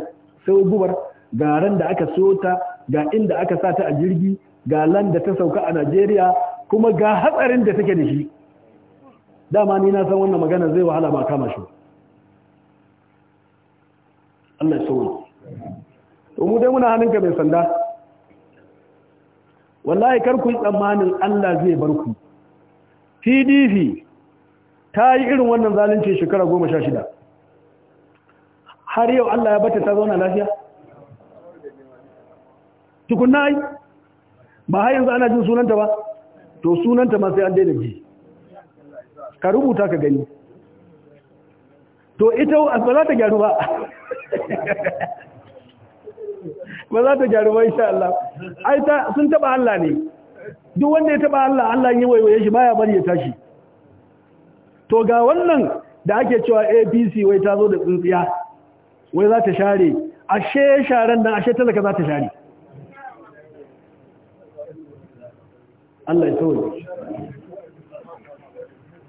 sai gubar ga ran da aka so ta ga inda aka sa ta a jirgi ga lan da ta sauka a Najeriya kuma ga hatsarin da take da shi dama ni na san wannan magana zai wahala ba kama shi Allah ya mu dai muna hannunka mai sanda wallahi kar ku yi tsammanin Allah zai bar ku PDP ta yi irin wannan zalunci shekara goma sha shida. har yau Allah ya bata ta zauna lafiya tukunna ai ba har yanzu ana jin sunanta ba to sunanta ma sai an daina ji ka rubuta ka gani to ita ba za ta gyaru ba ba za ta gyaru ba insha Allah ai ta sun taba Allah ne duk wanda ya taba Allah Allah ya waiwaye shi baya bari ya tashi to ga wannan da ake cewa APC wai ta zo da tsintsiya wai za ta share ashe sharan nan ashe talaka za ta share Allah ya tawaye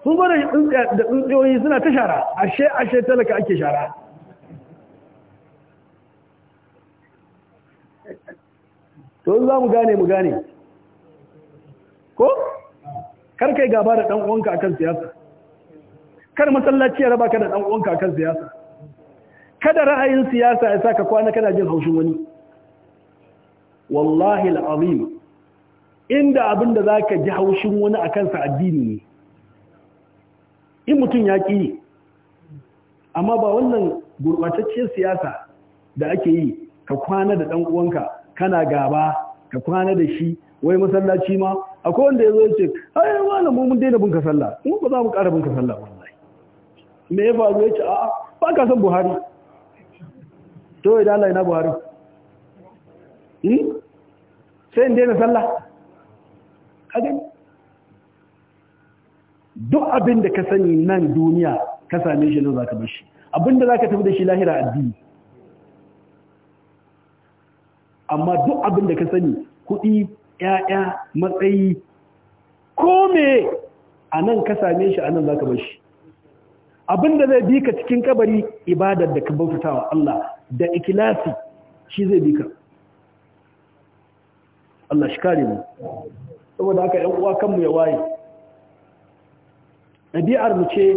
sun gwada da tsuntsiyoyi suna ta shara ashe ashe talaka ake shara to za mu gane mu gane ko kar kai gaba da dan uwanka akan siyasa kar masallaci ya raba ka da dan uwanka akan siyasa kada ra'ayin siyasa ya saka kwana kana jin haushin wani wallahi al'azim inda abin da za ka ji haushin wani a kansa addini ne in mutum ya ƙi amma ba wannan gurɓataccen siyasa da ake yi ka kwana da ɗan'uwanka kana gaba ka kwana da shi wai masallaci ma akwai wanda ya zo ya ce ai wala mu mun daina bin ka sallah mu ba za mu ƙara bin ka sallah wallahi me ya faru ya ce a'a ba ka san Buhari to idan Allah ina Buhari hmm? sai in daina sallah kagan duk abin da ka sani nan duniya ka same shi nan za ka bashi abin da za ka tafi da shi lahira addini amma duk abin da ka sani kuɗi ‘ya'ya matsayi kome a nan ka same shi a nan za ka bashi abin da zai bika cikin kabari ibadar da ka bautawa Allah da ikilasi shi zai bi ka Allah shi kare mu saboda haka yan uwa kanmu ya waye ɗabi'ar mu ce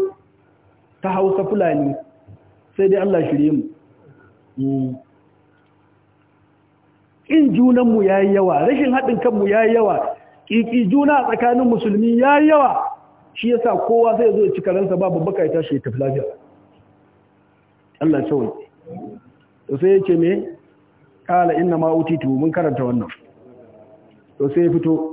ta hausa fulani sai dai Allah shirye mu mm. ƙin junanmu ya yi yawa rashin haɗin kanmu ya yawa ƙiƙi juna tsakanin musulmi ya yawa shi yasa kowa sai zo ci karansa babu baka ya tashi ya tafi lafiya Allah tsawon to sai ya ce me kala inna ma utitu mun karanta wannan to sai ya fito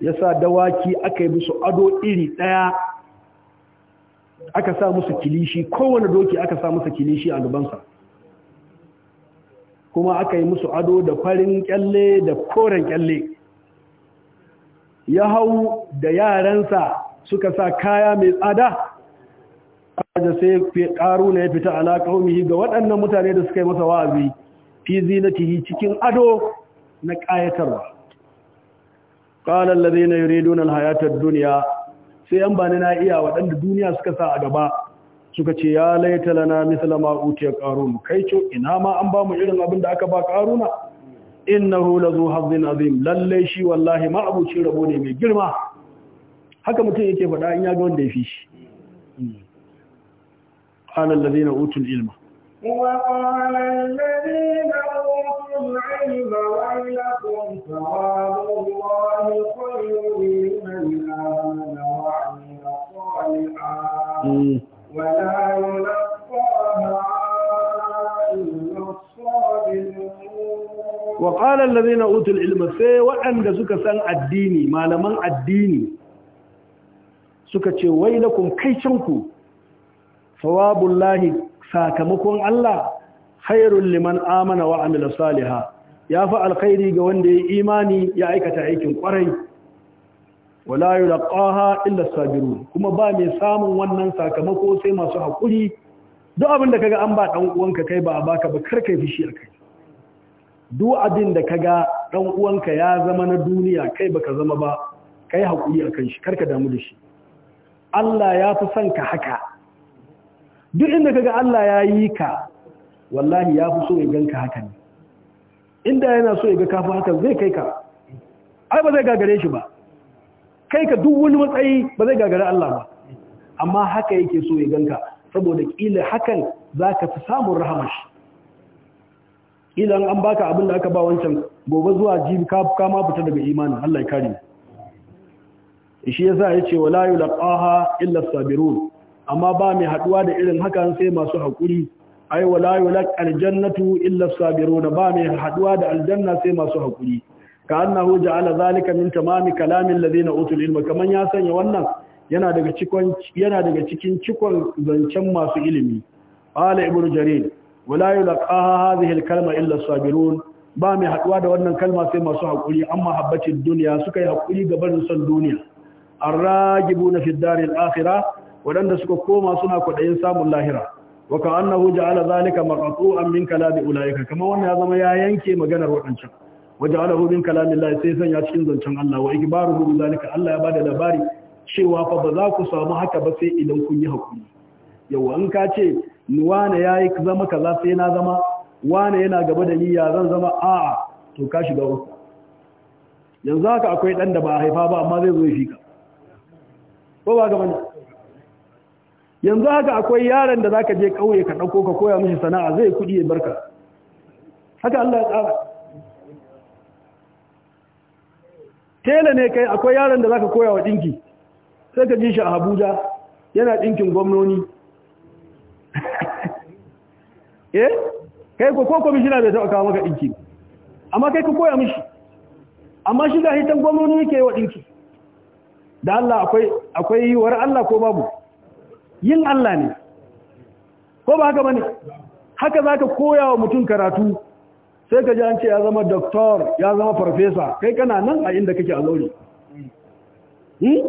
ya sa dawaki aka yi musu ado iri ɗaya aka sa musu kilishi kowane doki aka sa musu kilishi a gabansa kuma aka yi musu ado da farin kyalle da koren kyalle ya hau da yaransa suka sa kaya mai tsada da sai na ya fita alaƙa ga waɗannan mutane da suka yi masa wa'azi fi zinatihi cikin ado na ƙayatarwa qala alladhina yuriduna alhayata ad-dunya sai an bani na iya waɗanda duniya suka sa a gaba suka ce ya laita lana misla ma utiya qarun kai ce ina ma an ba mu irin abin da aka ba qaruna innahu lazu hazzin azim lalle shi wallahi ma abuci rabo ne mai girma haka mutum yake faɗa in ya ga wanda ya fi shi qala alladhina utul ilma وقال الذين أوتوا العلم ويلكم ثواب الله خير لمن آمن وعمل صالحا ولا يلقاها إلا الصابرون وقال الذين أوتوا العلم سي وأن سكا سان الديني ما لمن الديني suka ce wai lakum kai canku sawabullahi sakamakon Allah khairul liman amana wa amila saliha ya fa alkhairi ga wanda ya imani ya aikata aikin kwarai wala yulqaha illa sabirun kuma ba mai samun wannan sakamako sai masu haƙuri. duk abin da kaga an ba dan uwanka kai ba a baka ba kar kai fishi akai duk abin da kaga ɗan uwanka ya zama na duniya kai baka zama ba kai hakuri akan shi karka damu da shi Allah ya fi son ka haka duk inda kaga Allah ya yi ka wallahi ya fi so ya ganka haka ne inda yana so ya ga kafa haka zai kai ka ai ba zai gagare shi ba kai ka duk wani matsayi ba zai gagare Allah ba amma haka yake so ya ganka saboda kila hakan zaka fi samun rahamar shi kila an baka abin da aka ba wancan gobe zuwa jibi ka ma fita daga imanin Allah ya kare shi yasa ya yace wala yulqaha illa sabirun amma ba mai haduwa da irin hakan sai masu haƙuri ai wala yulak aljannatu illa sabirun ba mai haduwa da aljanna sai masu haƙuri ka annahu ja'ala zalika min tamami kalamin ladina utul ilma kaman ya sanya wannan yana daga cikon yana daga cikin cikon zancen masu ilimi qala ibn jarir wala yulaqaha hadhihi alkalma illa sabirun ba mai haduwa da wannan kalma sai masu haƙuri amma habbatin duniya suka yi haƙuri ga barin son duniya arragibuna fi daril akhirah waɗanda suka koma suna kwaɗayin samun lahira wa ka annahu ja'ala zalika maqtu'an min kalami ulaika kamar wannan ya zama ya yanke maganar waɗancan wa hu min kalamillahi sai san ya cikin zancen Allah wa ikbaru bi zalika Allah ya bada labari cewa fa ba za ku samu haka ba sai idan kun yi hakuri yawa an ka ce wane yayi zama kaza sai na zama wane yana gaba da ni ya zan zama a'a to ka shiga uku yanzu haka akwai dan da ba haifa ba amma zai zo ya fika ko ba ga bane yanzu haka akwai yaron da zaka je kauye ka dauko ka koya mishi sana'a zai kudi ya barka haka Allah ya tsara tela ne kai akwai yaron da zaka koya wa dinki sai ka ji shi a Abuja yana dinkin gwamnoni eh kai ko mishi na bai taba kawo maka dinki amma kai ka koya mishi amma shi ga hitan gwamnoni yake wa dinki da Allah akwai akwai yiwuwar Allah ko babu yin Allah ne ko ba haka bane haka zaka koya wa mutum karatu sai ka ji an ce ya zama doctor ya zama farfesa kai kana nan a inda kake a zaune. hmm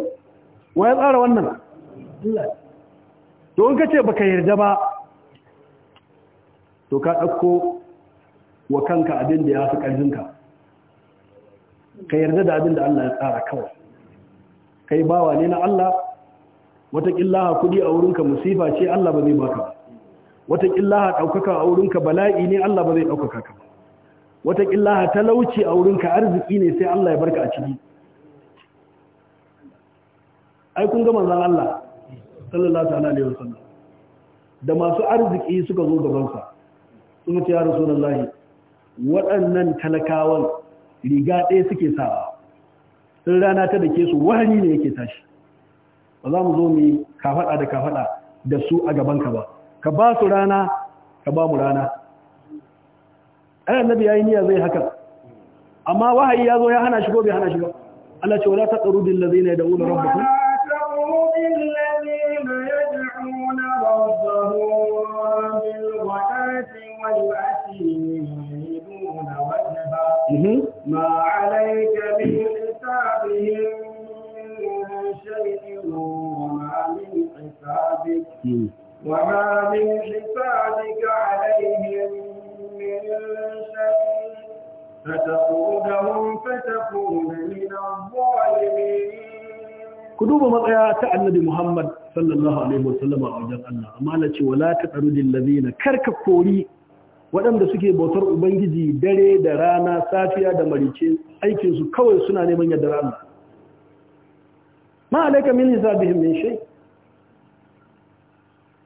wa tsara wannan to in ka ce baka yarda ba to ka ɗauko wa kanka abin da ya fi ƙarfinka ka yarda da abin da Allah ya tsara kawai kai bawa ne na Allah ha kuɗi a wurinka musifa ce Allah ba zai baka ba ha ɗaukaka a wurinka bala'i ne Allah ba zai ɗaukaka ka ba ha talauci a wurinka arziki ne sai Allah ya barka a ciki ai kun ga manzon Allah sallallahu alaihi wasallam da masu arziki suka zo gaban sa sun ce ya rasulullahi waɗannan talakawan riga ɗaya suke sawa sun rana ta dake su wahani ne yake tashi ba za mu zo mu kafaɗa da kafaɗa da su a gabanka ba ka ba su rana ka ba mu rana ai annabi yayi niyya zai haka amma wahayi yazo zo ya hana shi gobe hana shi ba Allah ce wala taqru lil ladina yad'una rabbakum ما عليك وما ku duba matsaya ta annabi Muhammad sallallahu alaihi wasallam a wajen Allah amma na ce wala ta tarudil ladina karka kori waɗanda suke bautar ubangiji dare da rana safiya da marice aikinsu kawai suna neman yadda rana ma alaika min hisabihim min shay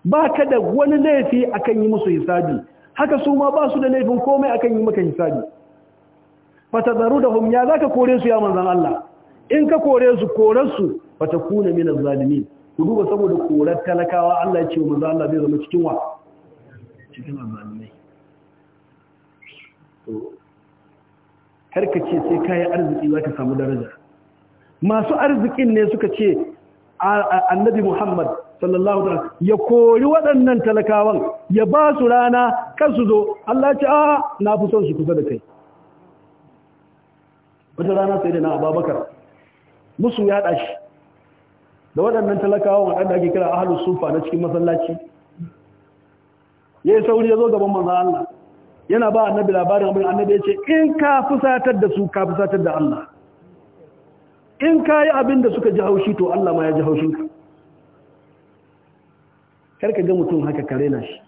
ba ka da wani laifi akan yi musu hisabi haka su ma ba su da laifin komai akan yi maka hisabi zaru da hum ya ka kore su ya manzan Allah in ka kore su koren su kuna minar zalimi ku duba saboda korar talakawa Allah ya ce wa manzan Allah zai zama cikin wa cikin karka ce sai kayan arziki za ka samu daraja masu arzikin ne suka ce annabi Muhammad sallallahu ta'ala ya kori waɗannan talakawan ya ba su rana kan su zo Allah ce a na fi son su kusa da kai wata rana sai da na ababakar musu ya ɗashi da waɗannan talakawan waɗanda ake kira ahalus sufa na cikin masallaci ya yi sauri ya zo gaban manzan Allah yana ba annabi labarin abin annabi ya ce in ka fusatar da su ka fusatar da Allah in ka yi abin da suka ji haushi to Allah ma ya ji haushinka karka ga mutum haka kare na shi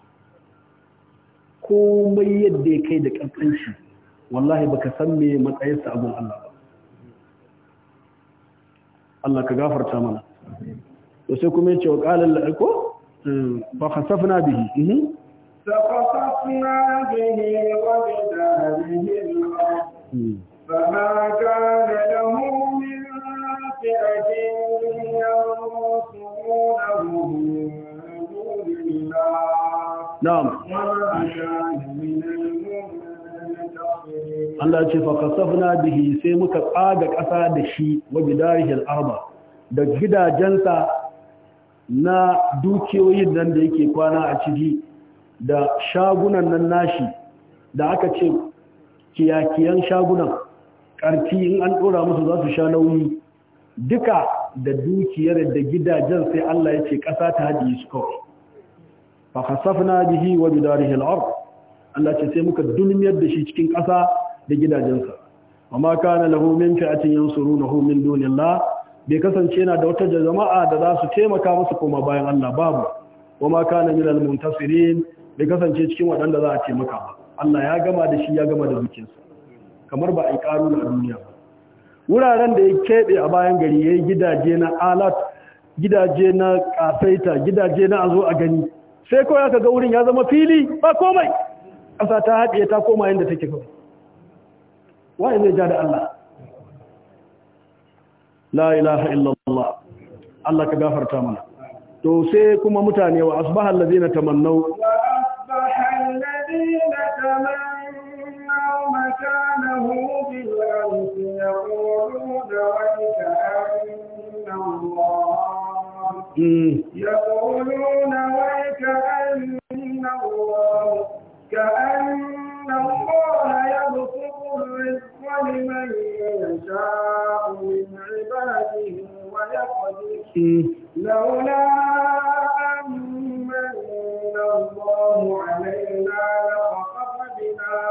komai yadda ya kai da ƙarfanci wallahi baka san me matsayinsa abin Allah ba Allah ka gafarta mana to sai kuma yace wa qala al-alqu mm, fa khasafna bihi mm-hmm. fa khasafna bihi wa bidarihi فما كان له من na ينصرونه نعم Allah ce fa kasafna bihi sai muka tsaga ƙasa da shi wa bidarihil arba da gidajensa na dukiyoyin nan da yake kwana a ciki da shagunan nan nashi da aka ce kiyakiyan shagunan karfi in an ɗora musu za su sha nauyi duka da dukiyar da gidajen sai Allah ya ce ƙasa ta haɗe su kawai fa khasafna bihi wa bidarihi al-ard Allah ce sai muka dulmiyar da shi cikin ƙasa da gidajensa wa ma kana lahu min fi'atin yansurunahu min dunillah bai kasance yana da wata jama'a da za su taimaka masa koma bayan Allah babu wa ma kana min al-muntasirin bai kasance cikin waɗanda za a taimaka ba Allah ya gama da shi ya gama da bikinsa kamar ba a yi ƙaru a duniya ba wuraren da ya keɓe a bayan gari ya yi gidaje na alat gidaje na ƙasaita gidaje na a zo a gani sai kawai aka ga wurin ya zama fili ba komai ƙasa ta haɗe ta koma yadda take kawai waye zai ja da Allah la ilaha illallah Allah ka gafarta mana to sai kuma mutane wa asbaha allazina tamannau يقولون ويك يقولون ويك أن الله كأن الله يبسط الرزق لمن يشاء من عباده ويقدر لولا أن من الله علينا لخطف بنا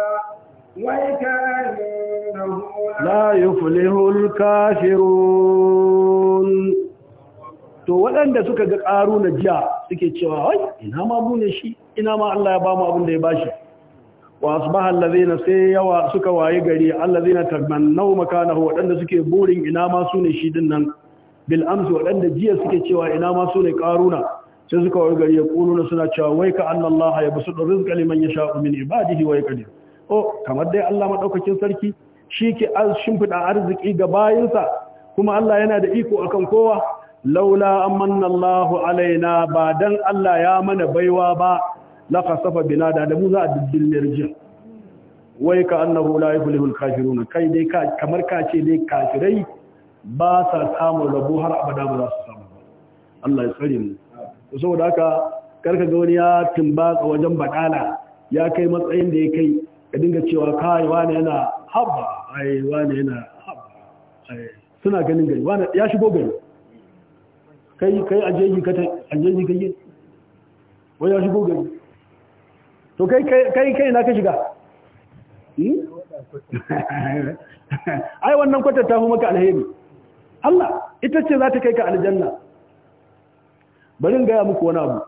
ويكأنه لا يفلح الكافرون to waɗanda suka ga ƙaru na jiya suke cewa wai ina ma bune shi ina ma Allah ya ba mu abin da ya bashi wa asbaha allazina sai yawa suka waye gari allazina tamannaw makanahu waɗanda suke burin ina ma su shi dinnan? bil amsi waɗanda jiya suke cewa ina ma su ne ƙaruna sai suka waye gari ya kuluna suna cewa wai ka annallaha ya basu rizqa liman yasha min ibadihi wa yaqdir oh kamar dai Allah madaukakin sarki shi ke shimfida arziki ga bayinsa kuma Allah yana da iko akan kowa laula amanna Allah alaina ba dan Allah ya mana baiwa ba la kasafa bina da da mu za a dubbin rijin wai ka annahu la yuflihul kafirun kai dai ka kamar ka ce dai kafirai ba sa samun rabu har abada ba za su samu ba Allah ya tsare mu to saboda haka karka ga wani ya timbatsa wajen badala ya kai matsayin da ya kai ka dinga cewa kai wani yana habba ai wani yana habba ai suna ganin gari wani ya shigo gari kai kai ajeji ka ajeji kai wai ya shigo gari to kai kai kai na ka shiga ai wannan kwatar ta fi maka alheri Allah ita ce za ta kai ka aljanna bari gaya muku wani abu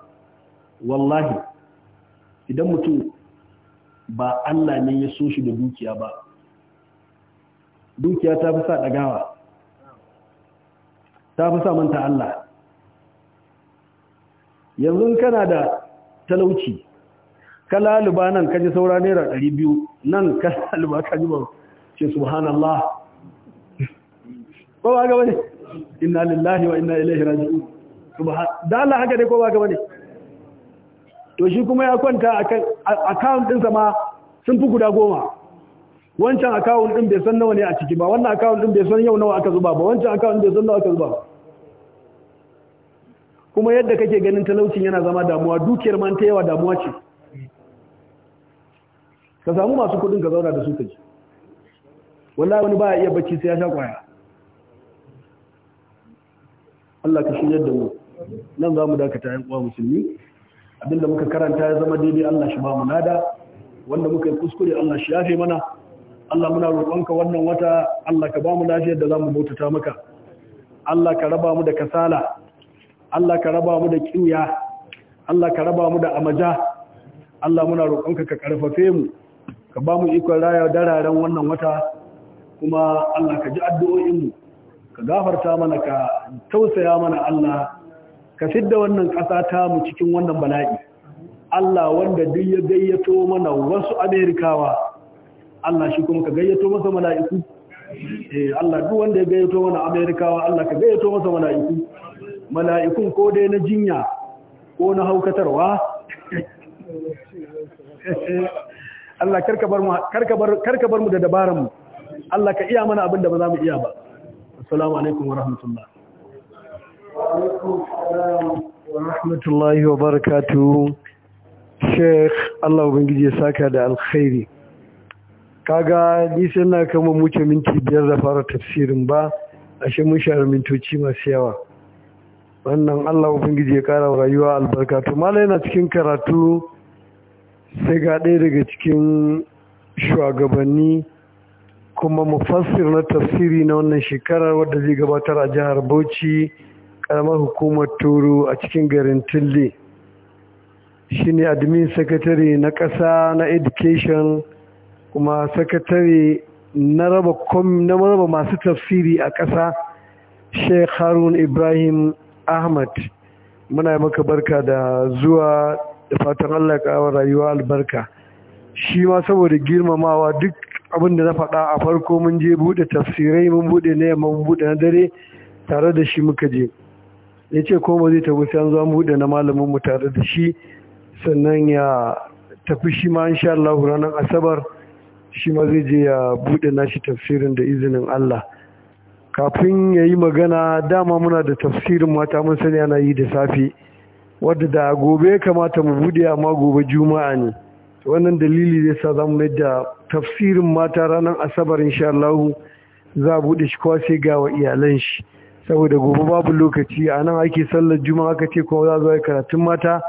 wallahi idan mutum ba Allah ne ya so shi da dukiya ba dukiya ta fi sa ɗagawa ta fi sa manta Allah yanzu kana da talauci ka laluba nan ka ji saura naira ɗari biyu nan ka laluba ka ji ba ce subhanallah ko ba ga bane inna lillahi wa inna ilaihi raji'un da Allah haka dai ko ba ga bane to shi kuma ya kwanta account sa ma sun fi guda goma wancan account ɗin bai san nawa ne a ciki ba wannan account ɗin bai san yau nawa aka zuba ba wancan account bai san nawa aka zuba ba kuma yadda kake ganin talaucin yana zama damuwa dukiyar man ta yawa damuwa ce ka samu masu kudin ka zauna da su kaji wallahi wani ba iya bacci sai ya sha kwaya Allah ka shirya da mu nan za mu dakata yan uwa musulmi abinda muka karanta ya zama daidai Allah shi ba mu nada wanda muka yi kuskure Allah shi yafe mana Allah muna roƙonka wannan wata Allah ka ba mu lafiyar da za mu bautata maka Allah ka raba mu da kasala Allah ka raba mu da kiyuya Allah ka raba mu da amaja Allah muna roƙonka ka karfafe mu ka ba mu ikon raya dararen wannan wata kuma Allah ka ji addu'o'inmu ka gafarta mana ka tausaya mana Allah ka fidda wannan ƙasa ta mu cikin wannan bala'i Allah wanda duk ya gayyato mana wasu Amerikawa Allah shi kuma ka gayyato masa mala'iku eh Allah duk wanda ya gayyato mana Amerikawa Allah ka gayyato masa mala'iku mala'ikun ko dai na jinya ko na haukatarwa Allah karka bar mu da dabaranmu Allah ka iya mana abin da ba za mu iya ba assalamu alaikum wa rahmatullah wa rahmatullahi wa barakatu sheikh Allah ubangiji saka da alkhairi kaga ni sai na kama muke minti biyar da fara tafsirin ba ashe mun share mintoci masu yawa wannan Allah ubangiji ya kara rayuwa albarka to malai yana cikin karatu sai ga ɗaya daga cikin shugabanni kuma mufassir na tafsiri na wannan shekarar wadda zai gabatar a jihar Bauchi karamar hukumar Toro a cikin garin Tille shine admin secretary na ƙasa na education kuma secretary na raba masu tafsiri a ƙasa Sheikh Harun Ibrahim ahmad muna maka barka da zuwa da fatan allah kawo rayuwa albarka shi ma saboda girmamawa duk abin da na faɗa a farko mun je buɗe tafsirai mun buɗe na yamma mun buɗe na dare tare da shi muka je ya ce ko zai tafi sai an zo buɗe na malamin mu tare da shi sannan ya tafi shi ma insha Allah ranar asabar shi ma zai je ya buɗe nashi tafsirin da izinin Allah kafin ya yi magana dama muna da tafsirin mata mun sani ana yi da safe wadda da gobe ya kamata mu bude amma gobe juma'a ne wannan dalili zai sa zamu mai da tafsirin mata ranar asabar insha Allah za a bude shi kowa sai ga wa iyalan shi saboda gobe babu lokaci a nan ake sallar juma'a ka ce kuma za a zo yi karatun mata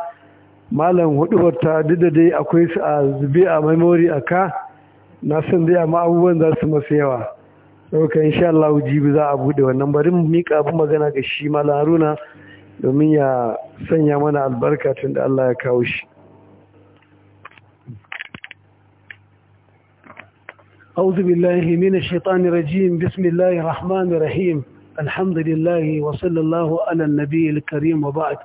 malam hudu ta duk da dai akwai su a zube a memory a ka na san dai amma abubuwan za su masu yawa ɗauka insha Allah jibi za a buɗe wannan bari mika miƙa abin magana ga shi malam haruna domin ya sanya mana albarka tun da Allah ya kawo shi أعوذ بالله من الشيطان الرجيم بسم الله الرحمن الرحيم الحمد لله وصلى الله على النبي الكريم وبعد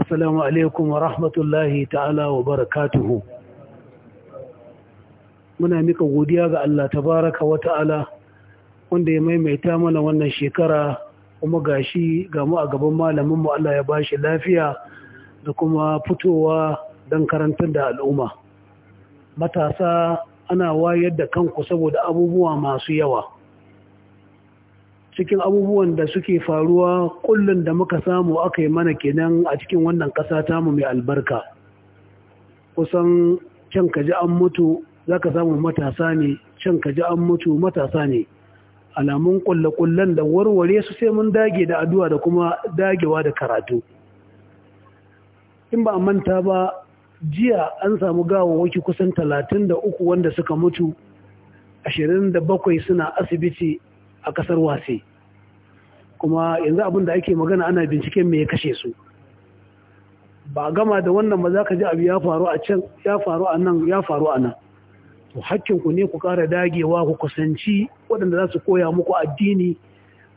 السلام عليكم ورحمة الله تعالى وبركاته muna mika godiya ga Allah tabaraka wa wanda ya maimaita mana wannan shekara kuma gashi ga mu a gaban malaminmu Allah ya ba shi lafiya da kuma fitowa don karantar da al'umma matasa ana wayar da kanku saboda abubuwa masu yawa cikin abubuwan da suke faruwa kullum da muka samu aka yi mana kenan a cikin wannan ƙasa tamu mai albarka kusan can kaji an mutu za ka samu matasa ne can kaji an mutu matasa ne alamun kullakullan da warware su sai mun dage da addu'a da kuma dagewa da karatu in ba a manta ba jiya an samu gawawaki kusan 33 wanda suka mutu 27 suna asibiti a kasar wasi kuma yanzu abinda da ake magana ana binciken mai kashe su ba gama da wannan ba za ka ji abu ya faru a can ya faru a nan ya faru a nan to hakkinku ne ku ƙara dagewa ku kusanci waɗanda za su koya muku addini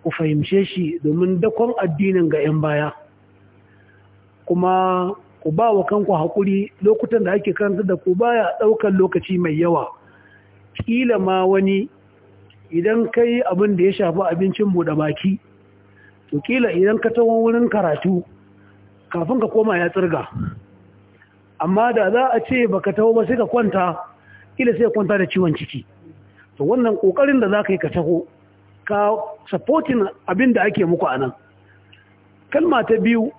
ku fahimce shi domin dakon addinin ga 'yan baya kuma ku ba wa kanku haƙuri lokutan da ake karanta da ku baya ɗaukar lokaci mai yawa ƙila ma wani idan ka yi abin da ya shafi abincin buɗe baki to ƙila idan ka taho wurin karatu kafin ka koma ya tsirga amma da za a ce ba ka taho ba sai ka kwanta ila sai kwanta da ciwon ciki to wannan kokarin da zaka yi ka taho ka supporting abin da ake muku anan kalma ta biyu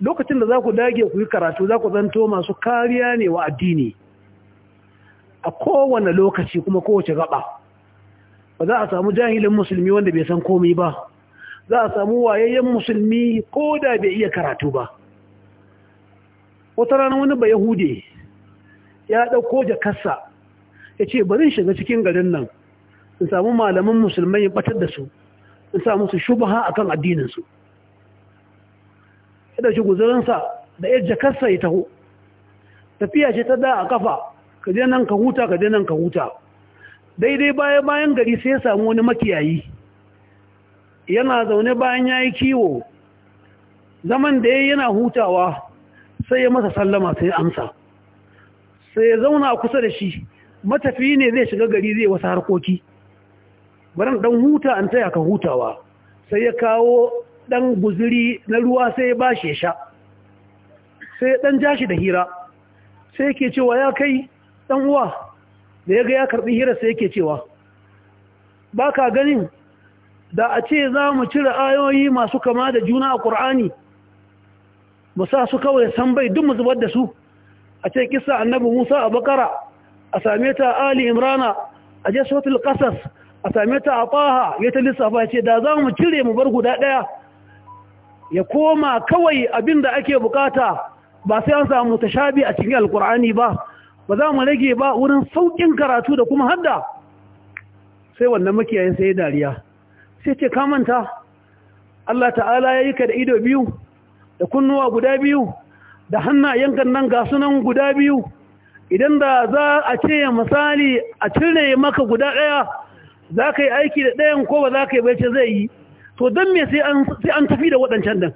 lokacin da za ku dage ku yi karatu za ku zanto masu kariya ne wa addini a kowane lokaci kuma kowace gaba ba za a samu jahilin musulmi wanda bai san komai ba za a samu wayayyen musulmi ko da bai iya karatu ba wata ranar wani ba yahude ya ɗauko jakarsa ya ce bari shiga cikin garin nan in samu malaman musulmai batar da su in samu su ha a kan addininsu ya ɗauki guzurinsa da ya jakarsa ya taho tafiya ce ta da a kafa ka je nan ka huta ka je nan ka huta daidai bayan bayan gari sai ya samu wani makiyayi yana zaune bayan ya yi kiwo zaman da ya yana hutawa sai ya masa sallama sai amsa sai ya zauna kusa da shi matafi ne zai shiga gari zai wasu harkoki baran ɗan huta an taya ka hutawa sai ya kawo ɗan guzuri na ruwa sai ya bashi ya sha sai dan jashi da hira sai yake cewa ya kai ɗan uwa da ya ga ya karɓi hira sai yake cewa Ba ka ganin da a ce za mu cire ayoyi masu kama da juna a ƙur'ani mu su kawai san bai duk mu zubar da su a ce kisa annabi Musa a bakara a same ta ali imrana a je suratul qasas a same ta a taha ya ta lissafa ce da za mu cire mu bar guda ɗaya. ya koma kawai abinda ake bukata ba sai an samu ta tashabi a cikin alkur'ani ba ba za mu rage ba wurin saukin karatu da kuma hadda sai wannan makiyayin sai dariya sai ce kamanta Allah ta'ala ya yi ka da ido biyu da kunnuwa guda biyu da hannayen nan ga sunan guda biyu idan da za a ce misali a cire maka guda ɗaya za ka yi aiki da ɗayan ko ba za ka yi bai ce zai yi to don me sai an tafi da waɗancan dan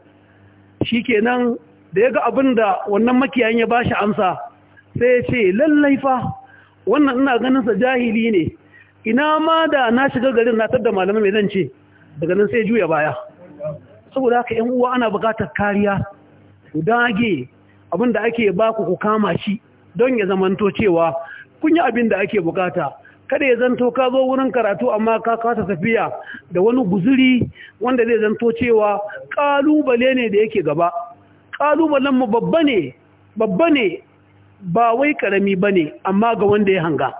shi kenan da ya ga abin da wannan makiyayin ya ba shi amsa sai ya ce lallai fa wannan ina ganinsa jahili ne ina ma da na shiga garin na tadda malamai mai zan ce daga nan sai juya baya saboda haka yan uwa ana bukatar kariya ku dage abin da ake baku ku kama shi don ya zamanto cewa kun yi abin da ake bukata kada ya zanto ka zo wurin karatu amma ka kasa tafiya da wani guzuri wanda zai zanto cewa kalubale ne da yake gaba kalubalen mu babba ne babba ne ba wai karami bane amma ga wanda ya hanga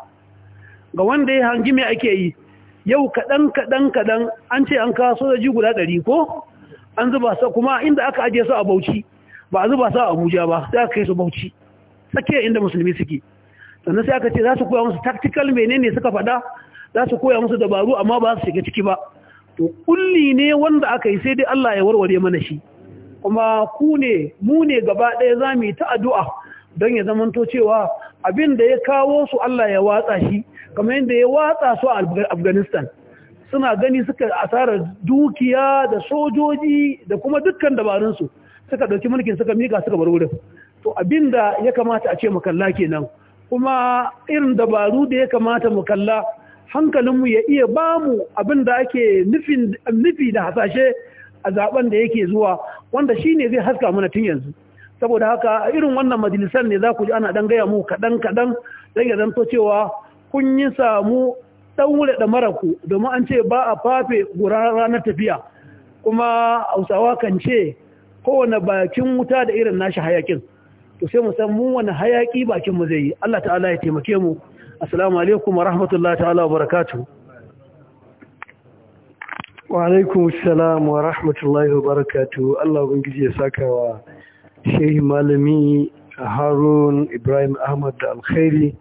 ga wanda ya hangi me ake yi yau kaɗan kaɗan kaɗan an ce an kaso da ji guda ɗari ko an zuba sa kuma inda aka ajiye su a bauchi ba a zuba su a abuja ba sai aka kai su bauchi tsakiyar inda musulmi suke sannan sai aka ce za su koya musu tactical menene suka faɗa za su koya musu dabaru amma ba su shiga ciki ba to kulli ne wanda aka yi sai dai Allah ya warware mana shi kuma ku ne mu ne gaba ɗaya za mu yi ta addu'a don ya zamanto cewa abin da ya kawo su Allah ya watsa shi kamar yadda ya watsa su a Afghanistan suna gani suka asarar dukiya da sojoji da kuma dukkan dabarunsu suka ɗauki mulkin suka mika suka bar wurin to abin da ya kamata a ce mu kalla kenan kuma irin dabaru da ya kamata mu kalla hankalinmu ya iya ba mu abin da ake nufi da hasashe a zaben da yake zuwa wanda shi ne zai haska mana tun yanzu saboda haka irin wannan majalisar ne za ku ji ana dan gaya mu kaɗan kaɗan don ya zanto cewa kun yi samu wule da maraku domin an ce ba a fafe gura ranar tafiya kuma hausawa kan ce kowane bakin wuta da irin nashi hayakin to sai mu san mu wani hayaki bakin mu zai yi Allah ta'ala ya taimake mu assalamu alaikum wa rahmatullahi ta'ala wa barakatuh wa alaikum assalam wa rahmatullahi wa barakatuh Allah ubangiji ya saka wa shehi malami Harun Ibrahim Ahmad da alkhairi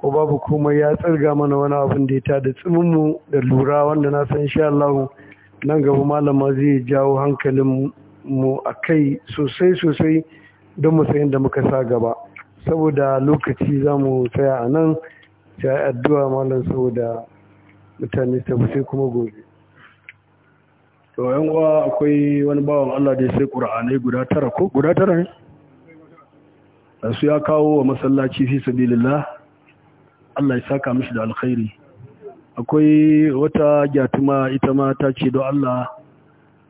ko babu kuma ya tsirga mana wani abin da ya da tsiminmu da lura wanda na san insha Allah nan gaba malama zai jawo hankalin mu a kai sosai sosai don mu san da muka sa gaba saboda lokaci za mu tsaya a nan ta addu'a malam saboda mutane ta sai kuma gobe to yan uwa akwai wani bawan Allah da sai qur'anai guda tara ko guda tara ne su ya kawo wa masallaci fi sabilillah Allah ya saka mishi da alkhairi akwai wata gyatuma ita ma ta ce don Allah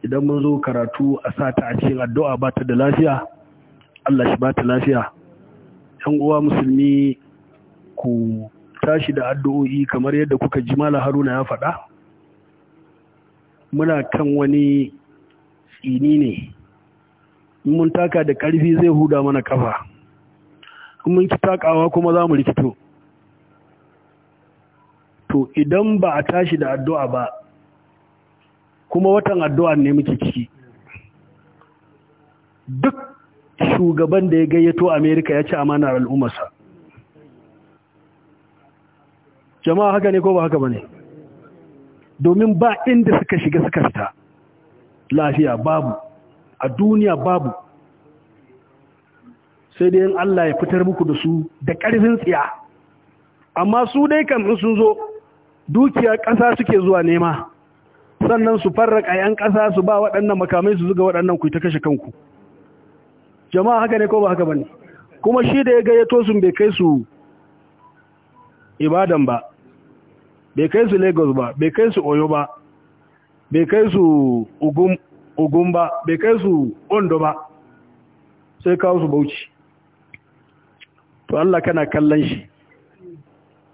idan mun zo karatu a sata a cikin addu'a ba ta da lafiya Allah shi ba ta lafiya yan uwa musulmi ku tashi da addu'o'i kamar yadda kuka ji mala haruna ya faɗa muna kan wani tsini ne mun taka da ƙarfi zai huda mana kafa mun ki takawa kuma za mu rikito to idan ba a tashi da addu'a ba kuma watan addu'a ne muke ciki duk shugaban da ya gayyato amerika ya ci amana al'ummarsa jama'a haka ne ko ba haka ba ne domin ba inda suka shiga suka fita lafiya babu a duniya babu sai dai Allah ya fitar muku da su da ƙarfin tsiya amma su dai kan sun zo dukiya ƙasa suke zuwa nema sannan su farraƙa 'yan ƙasa su ba waɗannan makamai su zuga waɗannan ku ta kashe kanku jama'a haka ne ko ba haka bane kuma shi da ya gaya sun bai kai su ibadan ba bai kai su lagos ba bai kai su oyo ba bai kai su ugun ba bai kai su ondo ba sai kawo su bauchi to Allah kana kallon shi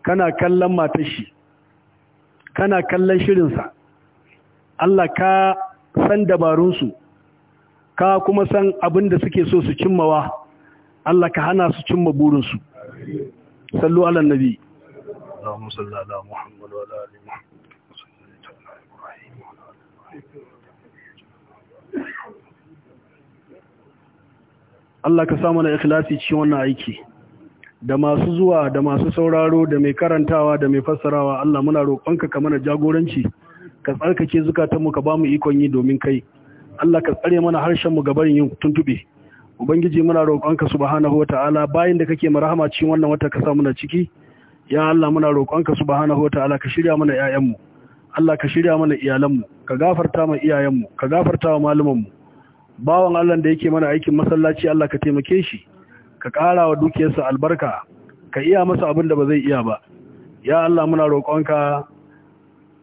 kana kallon matar shi kana kallon shirinsa Allah ka san dabarunsu ka kuma san abin da suke so su cimmawa Allah ka hana su cimma burinsu sallu ala nabi Allahumma Allah ka samu na ikhlasi cikin wannan aiki da masu zuwa da masu sauraro da mai karantawa da mai fassarawa Allah muna roƙonka ka mana jagoranci ka tsarkake zukatanmu ka bamu ikon yi domin kai Allah ka tsare mana harshen mu gaban yin tuntube ubangiji muna roƙonka subhanahu wataala bayin da kake marhama cikin wannan wata ka sa muna ciki ya Allah muna roƙonka subhanahu wataala ka shirya mana ƴaƴan mu Allah ka shirya mana iyalan mu ka gafarta ma iyayen mu ka gafarta wa malaman mu bawan Allah da yake mana aikin masallaci Allah ka taimake shi ka ƙara wa dukiyarsa albarka ka iya masa abin da ba zai iya ba ya Allah muna roƙonka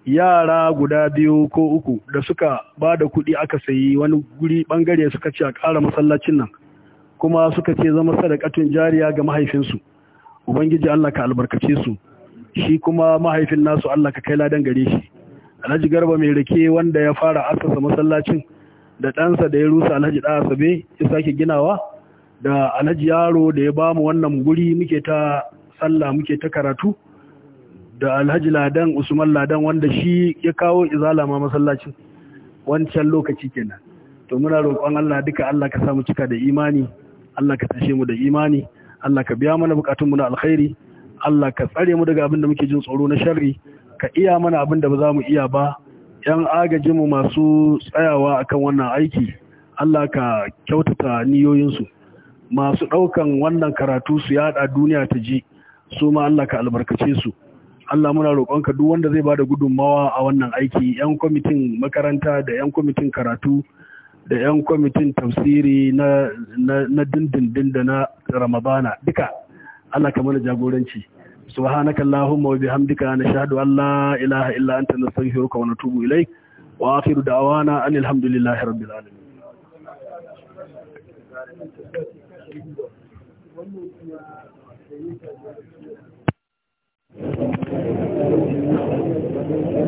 yara guda biyu ko uku da suka ba da kuɗi aka sayi wani guri ɓangare suka ce a ƙara masallacin nan kuma suka ce zama sadakatun jariya ga mahaifinsu ubangiji Allah ka albarkace su shi kuma mahaifin nasu Allah ka kai ladan gare shi Alhaji Garba mai rike wanda ya fara asasa masallacin da ɗansa da ya rusa Alhaji Ɗa Asabe ya sake ginawa da Alhaji Yaro da ya bamu wannan guri muke ta sallah muke ta karatu da alhaji ladan usman ladan wanda shi ya kawo izala ma masallacin wancan lokaci kenan to muna roƙon Allah duka Allah ka samu cika da imani Allah ka tashe mu da imani Allah ka biya mana bukatun mu na alkhairi Allah ka tsare mu daga abin da muke jin tsoro na sharri ka iya mana abin da ba za mu iya ba yan agajin mu masu tsayawa akan wannan aiki Allah ka kyautata niyoyinsu masu ɗaukan wannan karatu su yada duniya ta ji su ma Allah ka albarkace su Allah muna roƙonka duk wanda zai bada gudunmawa a wannan aiki yan kwamitin makaranta da yan kwamitin karatu da yan kwamitin tafsiri na na dindindin da na Ramadana duka Allah ka mana jagoranci subhanaka allahumma wa bihamdika nashhadu an la ilaha illa anta nastaghfiruka wa natubu ilayk wa akhiru da'wana anil hamdulillahi rabbil alamin Thank you.